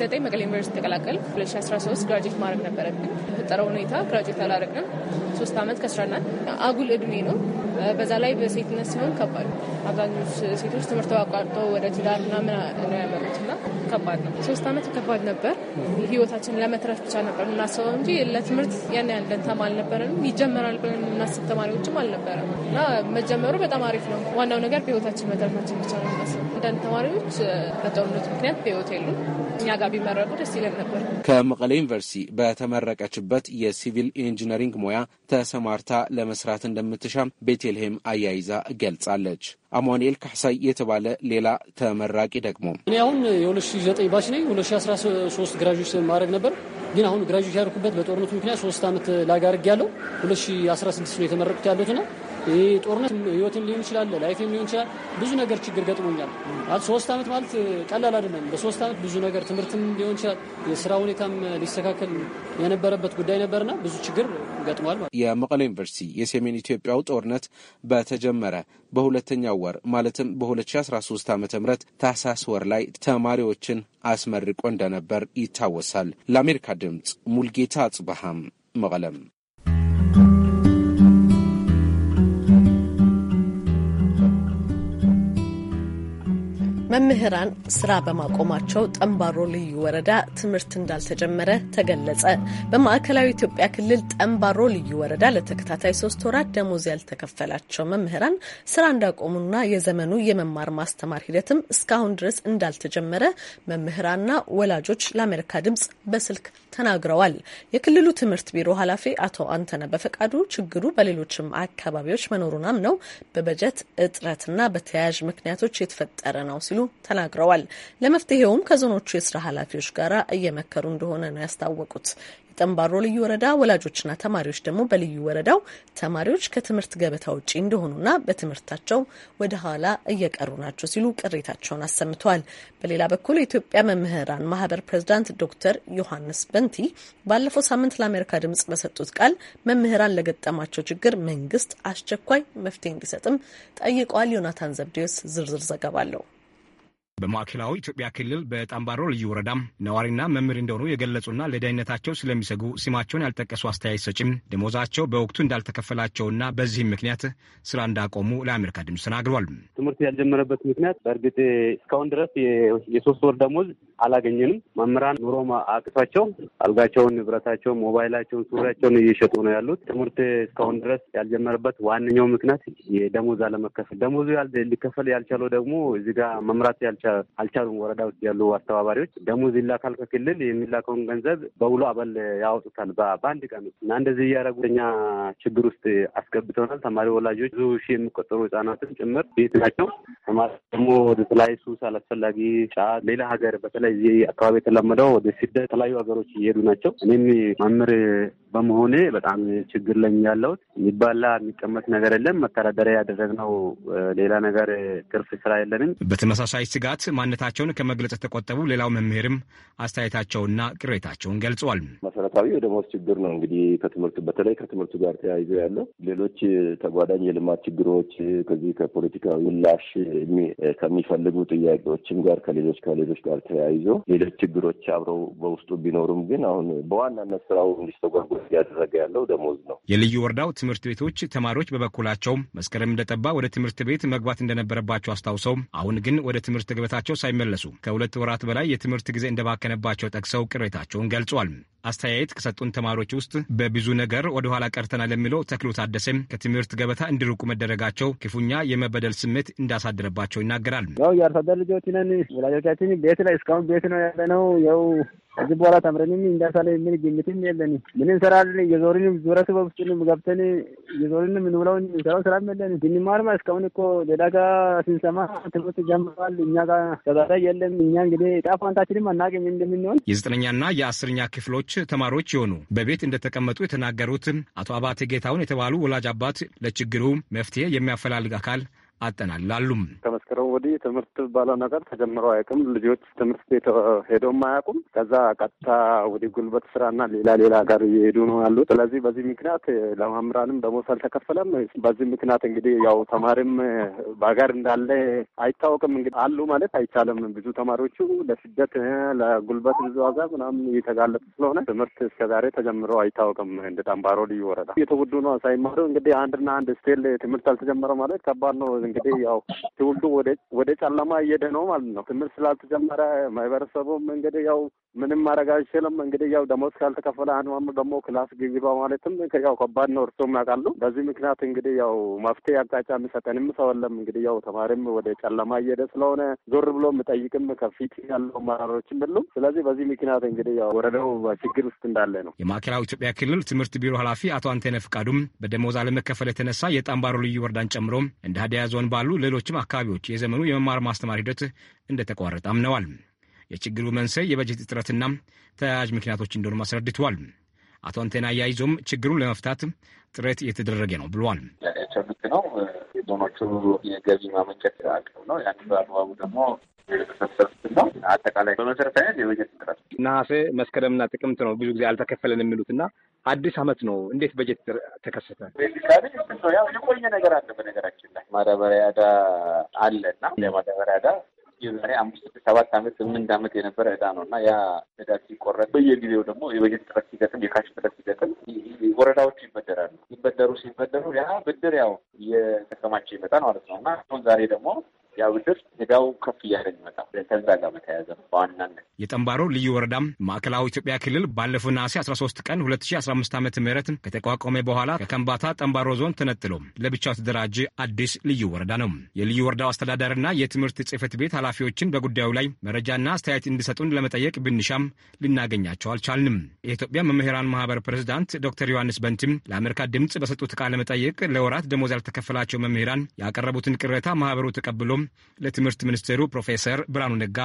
ዘጠኝ መቀሌ ዩኒቨርሲቲ ተቀላቀል 2013 ግራጅት ማድረግ ነበረብኝ በተፈጠረው ሁኔታ ግራጁዌት አላደረግንም። ሶስት ዓመት ከስረናል። አጉል እድሜ ነው። በዛ ላይ በሴትነት ሲሆን ከባድ ነው። አብዛኞቹ ሴቶች ትምህርት አቋርጠው ወደ ትዳር ምናምን ነው ያመሩት እና ከባድ ነው። ሶስት ዓመት ከባድ ነበር። ህይወታችን ለመትረፍ ብቻ ነበር የምናስበው እንጂ ለትምህርት ያን ያህል ደንታም አልነበረንም። ይጀመራል ብለን የምናስብ ተማሪዎችም አልነበረም እና መጀመሩ በጣም አሪፍ ነው። ዋናው ነገር በህይወታችን መትረፋችን ብቻ ነው ማስብ። አንዳንድ ተማሪዎች በጦርነት ምክንያት በህይወት የሉ እኛ ጋር ቢመረቁ ደስ ይለን ነበር። ከመቀሌ ዩኒቨርሲቲ በተመረቀችበት የሲቪል ኢንጂነሪንግ ሙያ ተሰማርታ ለመስራት እንደምትሻም ቤቴልሄም አያይዛ ገልጻለች። አማኑኤል ካሕሳይ የተባለ ሌላ ተመራቂ ደግሞ እኔ አሁን የ2009 ባች ነኝ 2013 ግራጁዌት ማድረግ ነበር ግን አሁን ግራጁዌት ያደርኩበት በጦርነቱ ምክንያት ሶስት ዓመት ላግ አድርጌያለሁ። 2016 ነው የተመረቁት ያሉትና ይህ ጦርነት ህይወትም ሊሆን ይችላል፣ ላይፍም ሊሆን ይችላል። ብዙ ነገር ችግር ገጥሞኛል። ሶስት ዓመት ማለት ቀላል አይደለም። በሶስት ዓመት ብዙ ነገር ትምህርትም ሊሆን ይችላል፣ የስራ ሁኔታም ሊስተካከል የነበረበት ጉዳይ ነበርና ብዙ ችግር ገጥሟል። ማለት የመቀለ ዩኒቨርሲቲ የሰሜን ኢትዮጵያው ጦርነት በተጀመረ በሁለተኛው ወር ማለትም በ2013 ዓ ም ታህሳስ ወር ላይ ተማሪዎችን አስመርቆ እንደነበር ይታወሳል። ለአሜሪካ ድምፅ ሙልጌታ አጽበሃም መቀለም መምህራን ስራ በማቆማቸው ጠንባሮ ልዩ ወረዳ ትምህርት እንዳልተጀመረ ተገለጸ። በማዕከላዊ ኢትዮጵያ ክልል ጠንባሮ ልዩ ወረዳ ለተከታታይ ሶስት ወራት ደሞዝ ያልተከፈላቸው መምህራን ስራ እንዳቆሙና የዘመኑ የመማር ማስተማር ሂደትም እስካሁን ድረስ እንዳልተጀመረ መምህራንና ወላጆች ለአሜሪካ ድምጽ በስልክ ተናግረዋል። የክልሉ ትምህርት ቢሮ ኃላፊ አቶ አንተነ በፈቃዱ ችግሩ በሌሎችም አካባቢዎች መኖሩን አምነው በበጀት እጥረትና በተያያዥ ምክንያቶች የተፈጠረ ነው ሲሉ ተናግረዋል። ለመፍትሄውም ከዞኖቹ የስራ ኃላፊዎች ጋር እየመከሩ እንደሆነ ነው ያስታወቁት። ጠንባሮ ልዩ ወረዳ ወላጆችና ተማሪዎች ደግሞ በልዩ ወረዳው ተማሪዎች ከትምህርት ገበታ ውጪ እንደሆኑና በትምህርታቸው ወደ ኋላ እየቀሩ ናቸው ሲሉ ቅሬታቸውን አሰምተዋል። በሌላ በኩል የኢትዮጵያ መምህራን ማህበር ፕሬዚዳንት ዶክተር ዮሐንስ በንቲ ባለፈው ሳምንት ለአሜሪካ ድምጽ በሰጡት ቃል መምህራን ለገጠማቸው ችግር መንግስት አስቸኳይ መፍትሄ እንዲሰጥም ጠይቀዋል። ዮናታን ዘብዴዎስ ዝርዝር ዘገባ አለው። በማዕከላዊ ኢትዮጵያ ክልል በጣምባሮ ልዩ ወረዳም ነዋሪና መምህር እንደሆኑ የገለጹና ለደህንነታቸው ስለሚሰጉ ስማቸውን ያልጠቀሱ አስተያየት ሰጭም ደሞዛቸው በወቅቱ እንዳልተከፈላቸውና በዚህም ምክንያት ስራ እንዳቆሙ ለአሜሪካ ድምፅ ተናግሯል። ትምህርት ያልጀመረበት ምክንያት በእርግጥ እስካሁን ድረስ የሶስት ወር ደሞዝ አላገኘንም። መምህራን ኑሮ አቅቷቸው አልጋቸውን፣ ንብረታቸውን፣ ሞባይላቸውን፣ ሱሪያቸውን እየሸጡ ነው ያሉት። ትምህርት እስካሁን ድረስ ያልጀመረበት ዋነኛው ምክንያት የደሞዝ አለመከፈል። ደሞዙ ሊከፈል ያልቻለው ደግሞ እዚህ ጋር መምራት ያልቻ አልቻሉም። ወረዳ ውስጥ ያሉ አስተባባሪዎች ደሞዝ ይላካል ከክልል የሚላከውን ገንዘብ በውሎ አበል ያወጡታል በአንድ ቀን እና እንደዚህ እያደረጉ እኛ ችግር ውስጥ አስገብተውናል። ተማሪ ወላጆች ብዙ ሺህ የሚቆጠሩ ህጻናትን ጭምር ቤት ናቸው። ተማሪ ደግሞ ወደ ተለያዩ ሱስ፣ አላስፈላጊ ጫት፣ ሌላ ሀገር በተለይ እዚህ አካባቢ የተለመደው ወደ ስደት የተለያዩ ሀገሮች እየሄዱ ናቸው። እኔም መምህር በመሆኔ በጣም ችግር ለኝ ያለሁት የሚባላ የሚቀመጥ ነገር የለም። መተዳደሪያ ያደረግነው ሌላ ነገር ትርፍ ስራ የለንም። በተመሳሳይ ስጋት አባላት ማንነታቸውን ከመግለጽ የተቆጠቡ ሌላው መምህርም አስተያየታቸውና ቅሬታቸውን ገልጸዋል መሰረታዊ የደሞዝ ችግር ነው እንግዲህ ከትምህርቱ በተለይ ከትምህርቱ ጋር ተያይዞ ያለው ሌሎች ተጓዳኝ የልማት ችግሮች ከዚህ ከፖለቲካዊ ምላሽ ከሚፈልጉ ጥያቄዎችም ጋር ከሌሎች ከሌሎች ጋር ተያይዞ ሌሎች ችግሮች አብረው በውስጡ ቢኖሩም ግን አሁን በዋናነት ስራው እንዲስተጓጎል እያደረገ ያለው ደሞዝ ነው። የልዩ ወረዳው ትምህርት ቤቶች ተማሪዎች በበኩላቸው መስከረም እንደጠባ ወደ ትምህርት ቤት መግባት እንደነበረባቸው አስታውሰው አሁን ግን ወደ ትምህርት ገበ ሕይወታቸው ሳይመለሱ ከሁለት ወራት በላይ የትምህርት ጊዜ እንደባከነባቸው ጠቅሰው ቅሬታቸውን ገልጿል። አስተያየት ከሰጡን ተማሪዎች ውስጥ በብዙ ነገር ወደኋላ ቀርተናል የሚለው ተክሎ ታደሰም ከትምህርት ገበታ እንዲርቁ መደረጋቸው ክፉኛ የመበደል ስሜት እንዳሳደረባቸው ይናገራል። ያው የአርሶ አደር ልጆች ነን። ወላጆቻችን ቤት ላይ እስካሁን ቤት ነው ያለነው። ያው ከዚህ በኋላ ተምረንም እንዳሳለ የሚል ግምትም የለን። ምን እንሰራለን? እየዞርንም ዙረት በውስጥንም ገብተን እየዞርንም እንብለው እንሰራው ስራም የለን። ብንማርማ እስካሁን እኮ ሌላ ጋ ስንሰማ ትምህርት ጀምሯል፣ እኛ ጋ ተዛዛ የለም። እኛ እንግዲህ ዕጣ ፈንታችንም አናውቅም እንደምንሆን። የዘጠነኛና የአስረኛ ክፍሎች ተማሪዎች የሆኑ በቤት እንደተቀመጡ የተናገሩት አቶ አባቴ ጌታውን የተባሉ ወላጅ አባት ለችግሩ መፍትሄ የሚያፈላልግ አካል አጠናላሉም ከመስከረው ወዲህ ትምህርት ባለው ነገር ተጀምሮ አያውቅም። ልጆች ትምህርት ቤት ሄደውም አያውቁም። ከዛ ቀጥታ ወደ ጉልበት ስራና ሌላ ሌላ ጋር እየሄዱ ነው ያሉት። ስለዚህ በዚህ ምክንያት ለመምህራንም ደሞዝ አልተከፈለም። በዚህ ምክንያት እንግዲህ ያው ተማሪም በሀገር እንዳለ አይታወቅም። እንግዲህ አሉ ማለት አይቻልም። ብዙ ተማሪዎቹ ለስደት ለጉልበት ብዙ ዋጋ ምናምን እየተጋለጡ ስለሆነ ትምህርት እስከዛሬ ተጀምሮ አይታወቅም። እንደ ጠንባሮ ልዩ ወረዳ የተወዱ ነው ሳይማሩ እንግዲህ አንድና አንድ ስቴል ትምህርት አልተጀመረ ማለት ከባድ ነው። እንግዲህ ያው ትውልዱ ወደ ወደ ጨለማ እየሄደ ነው ማለት ነው። ትምህርት ስላልተጀመረ ማህበረሰቡም እንግዲህ ያው ምንም ማድረግ አይችልም። እንግዲህ ያው ደሞዝ ካልተከፈለ አንድ መምህር ደግሞ ክላስ ግቢ በማለትም ያው ከባድ ነው፣ እርሶም ያውቃሉ። በዚህ ምክንያት እንግዲህ ያው መፍትሄ አቅጣጫ የሚሰጠንም ሰው የለም። እንግዲህ ያው ተማሪም ወደ ጨለማ እየሄደ ስለሆነ ዞር ብሎ የምጠይቅም ከፊት ያለው አመራሮችም የሉም። ስለዚህ በዚህ ምክንያት እንግዲህ ያው ወረዳው በችግር ውስጥ እንዳለ ነው። የማዕከላዊ ኢትዮጵያ ክልል ትምህርት ቢሮ ኃላፊ አቶ አንተነ ፍቃዱም በደሞዝ አለመከፈል የተነሳ የጣምባሮ ልዩ ወረዳን ጨምሮ እንደ ሀዲያ ዞን ባሉ ሌሎችም አካባቢዎች የዘመኑ በመሆኑ የመማር ማስተማር ሂደት እንደተቋረጠ አምነዋል። የችግሩ መንስኤ የበጀት እጥረትና ተያያዥ ምክንያቶች እንደሆኑ አስረድተዋል። አቶ አንቴና አያይዞም ችግሩን ለመፍታት ጥረት እየተደረገ ነው ብሏል። ያቸው ልክ ነው። ዞኖቹ የገቢ ማመንጨት አቅም ነው። ያን በአግባቡ ደግሞ አጠቃላይ በመሰረታዊነት የበጀት እጥረት ነሐሴ፣ መስከረምና ጥቅምት ነው ብዙ ጊዜ አልተከፈለን የሚሉት እና አዲስ አመት ነው። እንዴት በጀት ተከሰተ? ያው የቆየ ነገር አለ። በነገራችን ላይ ማዳበሪያ ዕዳ አለ እና ማዳበሪያ ዕዳ የዛሬ አምስት ስድስት ሰባት ዓመት ስምንት ዓመት የነበረ ዕዳ ነው እና ያ ዕዳ ሲቆረጥ በየጊዜው ደግሞ የበጀት ጥረት ሲገጥም የካሽ ጥረት ሲገጥም ወረዳዎቹ ይበደራሉ። ሲበደሩ ሲበደሩ ያ ብድር ያው እየተከማቸ ይመጣል ማለት ነው እና አሁን ዛሬ ደግሞ ያ ብድር እዳው ከፍ እያለ ይመጣ ከዛ ጋር በተያያዘ በዋናነት የጠንባሮ ልዩ ወረዳም ማዕከላዊ ኢትዮጵያ ክልል ባለፈው ነሐሴ 13 ቀን 2015 ዓ ም ከተቋቋመ በኋላ ከከንባታ ጠንባሮ ዞን ተነጥሎ ለብቻው ተደራጅ አዲስ ልዩ ወረዳ ነው። የልዩ ወረዳው አስተዳደርና የትምህርት ጽህፈት ቤት ኃላፊዎችን በጉዳዩ ላይ መረጃና አስተያየት እንዲሰጡን ለመጠየቅ ብንሻም ልናገኛቸው አልቻልንም። የኢትዮጵያ መምህራን ማህበር ፕሬዚዳንት ዶክተር ዮሐንስ በንቲም ለአሜሪካ ድምፅ በሰጡት ቃለ መጠይቅ ለወራት ደሞዝ ያልተከፈላቸው መምህራን ያቀረቡትን ቅሬታ ማህበሩ ተቀብሎ ለትምህርት ሚኒስቴሩ ፕሮፌሰር ብርሃኑ ነጋ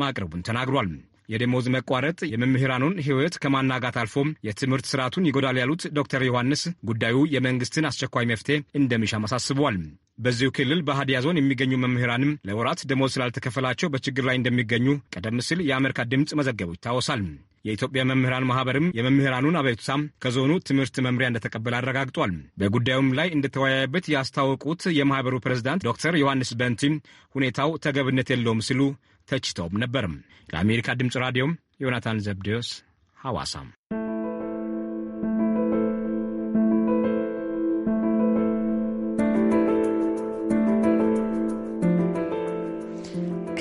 ማቅረቡን ተናግሯል። የደሞዝ መቋረጥ የመምህራኑን ሕይወት ከማናጋት አልፎ የትምህርት ስርዓቱን ይጎዳል ያሉት ዶክተር ዮሐንስ ጉዳዩ የመንግስትን አስቸኳይ መፍትሄ እንደሚሻም አሳስበዋል። በዚሁ ክልል በሃዲያ ዞን የሚገኙ መምህራንም ለወራት ደሞዝ ስላልተከፈላቸው በችግር ላይ እንደሚገኙ ቀደም ሲል የአሜሪካ ድምፅ መዘገቡ ይታወሳል። የኢትዮጵያ መምህራን ማህበርም የመምህራኑን አቤቱታም ከዞኑ ትምህርት መምሪያ እንደተቀበለ አረጋግጧል። በጉዳዩም ላይ እንደተወያየበት ያስታወቁት የማህበሩ ፕሬዝዳንት ዶክተር ዮሐንስ በንቲም ሁኔታው ተገብነት የለውም ሲሉ ተችተውም ነበርም። ለአሜሪካ ድምፅ ራዲዮም ዮናታን ዘብዴዎስ ሐዋሳም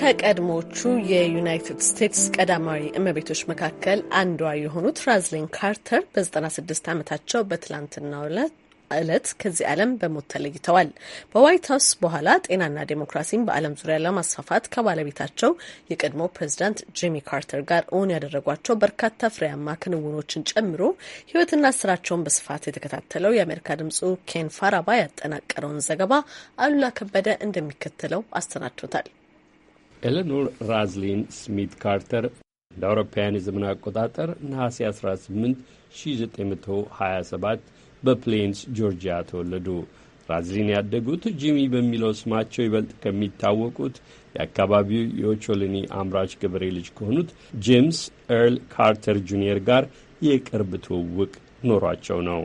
ከቀድሞቹ የዩናይትድ ስቴትስ ቀዳማዊ እመቤቶች መካከል አንዷ የሆኑት ራዝሊን ካርተር በ96 ዓመታቸው በትላንትናው ዕለት እለት ከዚህ ዓለም በሞት ተለይተዋል። በዋይት ሀውስ በኋላ ጤናና ዴሞክራሲን በዓለም ዙሪያ ለማስፋፋት ከባለቤታቸው የቀድሞ ፕሬዚዳንት ጂሚ ካርተር ጋር እውን ያደረጓቸው በርካታ ፍሬያማ ክንውኖችን ጨምሮ ሕይወትና ስራቸውን በስፋት የተከታተለው የአሜሪካ ድምጹ ኬን ፋራባ ያጠናቀረውን ዘገባ አሉላ ከበደ እንደሚከተለው አሰናድቶታል። ኤለኖር ራዝሊን ስሚት ካርተር እንደ አውሮፓውያን የዘመን አቆጣጠር ነሐሴ 18 1927 በፕሌንስ ጆርጂያ ተወለዱ። ራዝሊን ያደጉት ጂሚ በሚለው ስማቸው ይበልጥ ከሚታወቁት የአካባቢው የኦቾሎኒ አምራች ገበሬ ልጅ ከሆኑት ጄምስ ኤርል ካርተር ጁኒየር ጋር የቅርብ ትውውቅ ኖሯቸው ነው።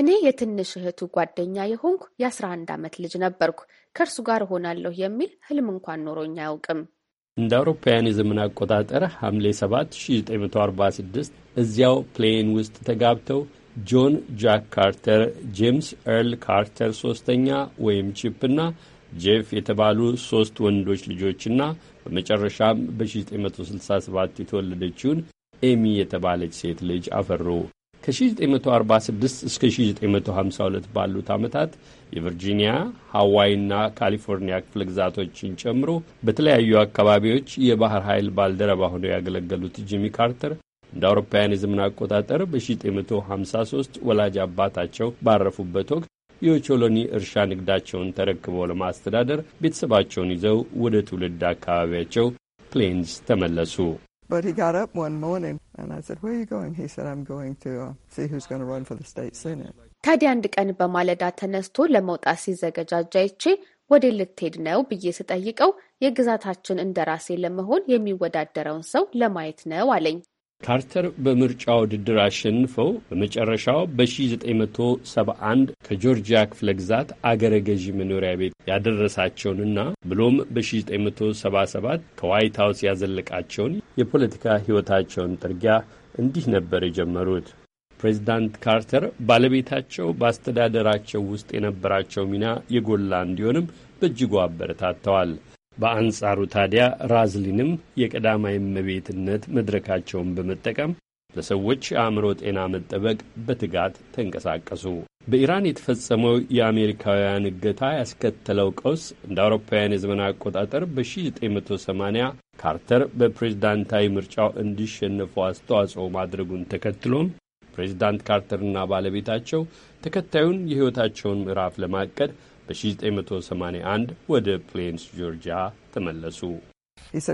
እኔ የትንሽ እህቱ ጓደኛ የሆንኩ የ11 ዓመት ልጅ ነበርኩ። ከእርሱ ጋር እሆናለሁ የሚል ህልም እንኳን ኖሮኝ አያውቅም። እንደ አውሮፓውያን የዘመን አቆጣጠር ሐምሌ 7 1946 እዚያው ፕሌን ውስጥ ተጋብተው ጆን ጃክ ካርተር፣ ጄምስ ኤርል ካርተር ሶስተኛ ወይም ቺፕ እና ጄፍ የተባሉ ሦስት ወንዶች ልጆችና በመጨረሻም በ1967 የተወለደችውን ኤሚ የተባለች ሴት ልጅ አፈሩ። ከ1946 እስከ 1952 ባሉት ዓመታት የቨርጂኒያ ሐዋይና ካሊፎርኒያ ክፍለ ግዛቶችን ጨምሮ በተለያዩ አካባቢዎች የባህር ኃይል ባልደረባ ሆነው ያገለገሉት ጂሚ ካርተር እንደ አውሮፓውያን የዘመን አቆጣጠር በ1953 ወላጅ አባታቸው ባረፉበት ወቅት የኦቾሎኒ እርሻ ንግዳቸውን ተረክበው ለማስተዳደር ቤተሰባቸውን ይዘው ወደ ትውልድ አካባቢያቸው ፕሌንስ ተመለሱ። But he got up one morning and I said, Where are you going? He said, I'm going to uh, see who's going to run for the state senate. ታዲያ አንድ ቀን በማለዳ ተነስቶ ለመውጣት ሲዘገጃጃ ይቼ ወደ ልትሄድ ነው ብዬ ስጠይቀው የግዛታችን እንደራሴ ለመሆን የሚወዳደረውን ሰው ለማየት ነው አለኝ። ካርተር በምርጫ ውድድር አሸንፈው በመጨረሻው በ1971 ከጆርጂያ ክፍለ ግዛት አገረ ገዢ መኖሪያ ቤት ያደረሳቸውንና ብሎም በ1977 ከዋይት ሀውስ ያዘለቃቸውን የፖለቲካ ሕይወታቸውን ጥርጊያ እንዲህ ነበር የጀመሩት። ፕሬዚዳንት ካርተር ባለቤታቸው በአስተዳደራቸው ውስጥ የነበራቸው ሚና የጎላ እንዲሆንም በእጅጉ አበረታተዋል። በአንጻሩ ታዲያ ራዝሊንም የቀዳማይ እመቤትነት መድረካቸውን በመጠቀም ለሰዎች የአእምሮ ጤና መጠበቅ በትጋት ተንቀሳቀሱ። በኢራን የተፈጸመው የአሜሪካውያን እገታ ያስከተለው ቀውስ እንደ አውሮፓውያን የዘመን አቆጣጠር በ1980 ካርተር በፕሬዝዳንታዊ ምርጫው እንዲሸነፉ አስተዋጽኦ ማድረጉን ተከትሎም ፕሬዝዳንት ካርተርና ባለቤታቸው ተከታዩን የሕይወታቸውን ምዕራፍ ለማቀድ በ1981 ወደ ፕሌንስ ጆርጂያ ተመለሱ። uh,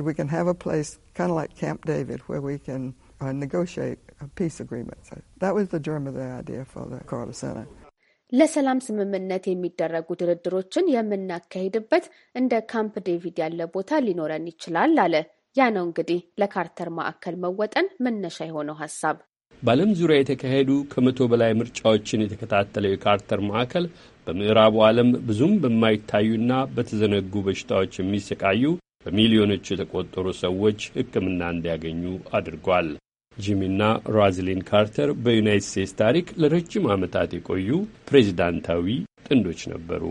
ለሰላም ስምምነት የሚደረጉ ድርድሮችን የምናካሂድበት እንደ ካምፕ ዴቪድ ያለ ቦታ ሊኖረን ይችላል አለ። ያ ነው እንግዲህ ለካርተር ማዕከል መወጠን መነሻ የሆነው ሀሳብ። በዓለም ዙሪያ የተካሄዱ ከመቶ በላይ ምርጫዎችን የተከታተለው የካርተር ማዕከል በምዕራቡ ዓለም ብዙም በማይታዩና በተዘነጉ በሽታዎች የሚሰቃዩ በሚሊዮኖች የተቆጠሩ ሰዎች ሕክምና እንዲያገኙ አድርጓል። ጂሚና ሮዝሊን ካርተር በዩናይት ስቴትስ ታሪክ ለረጅም ዓመታት የቆዩ ፕሬዚዳንታዊ ጥንዶች ነበሩ።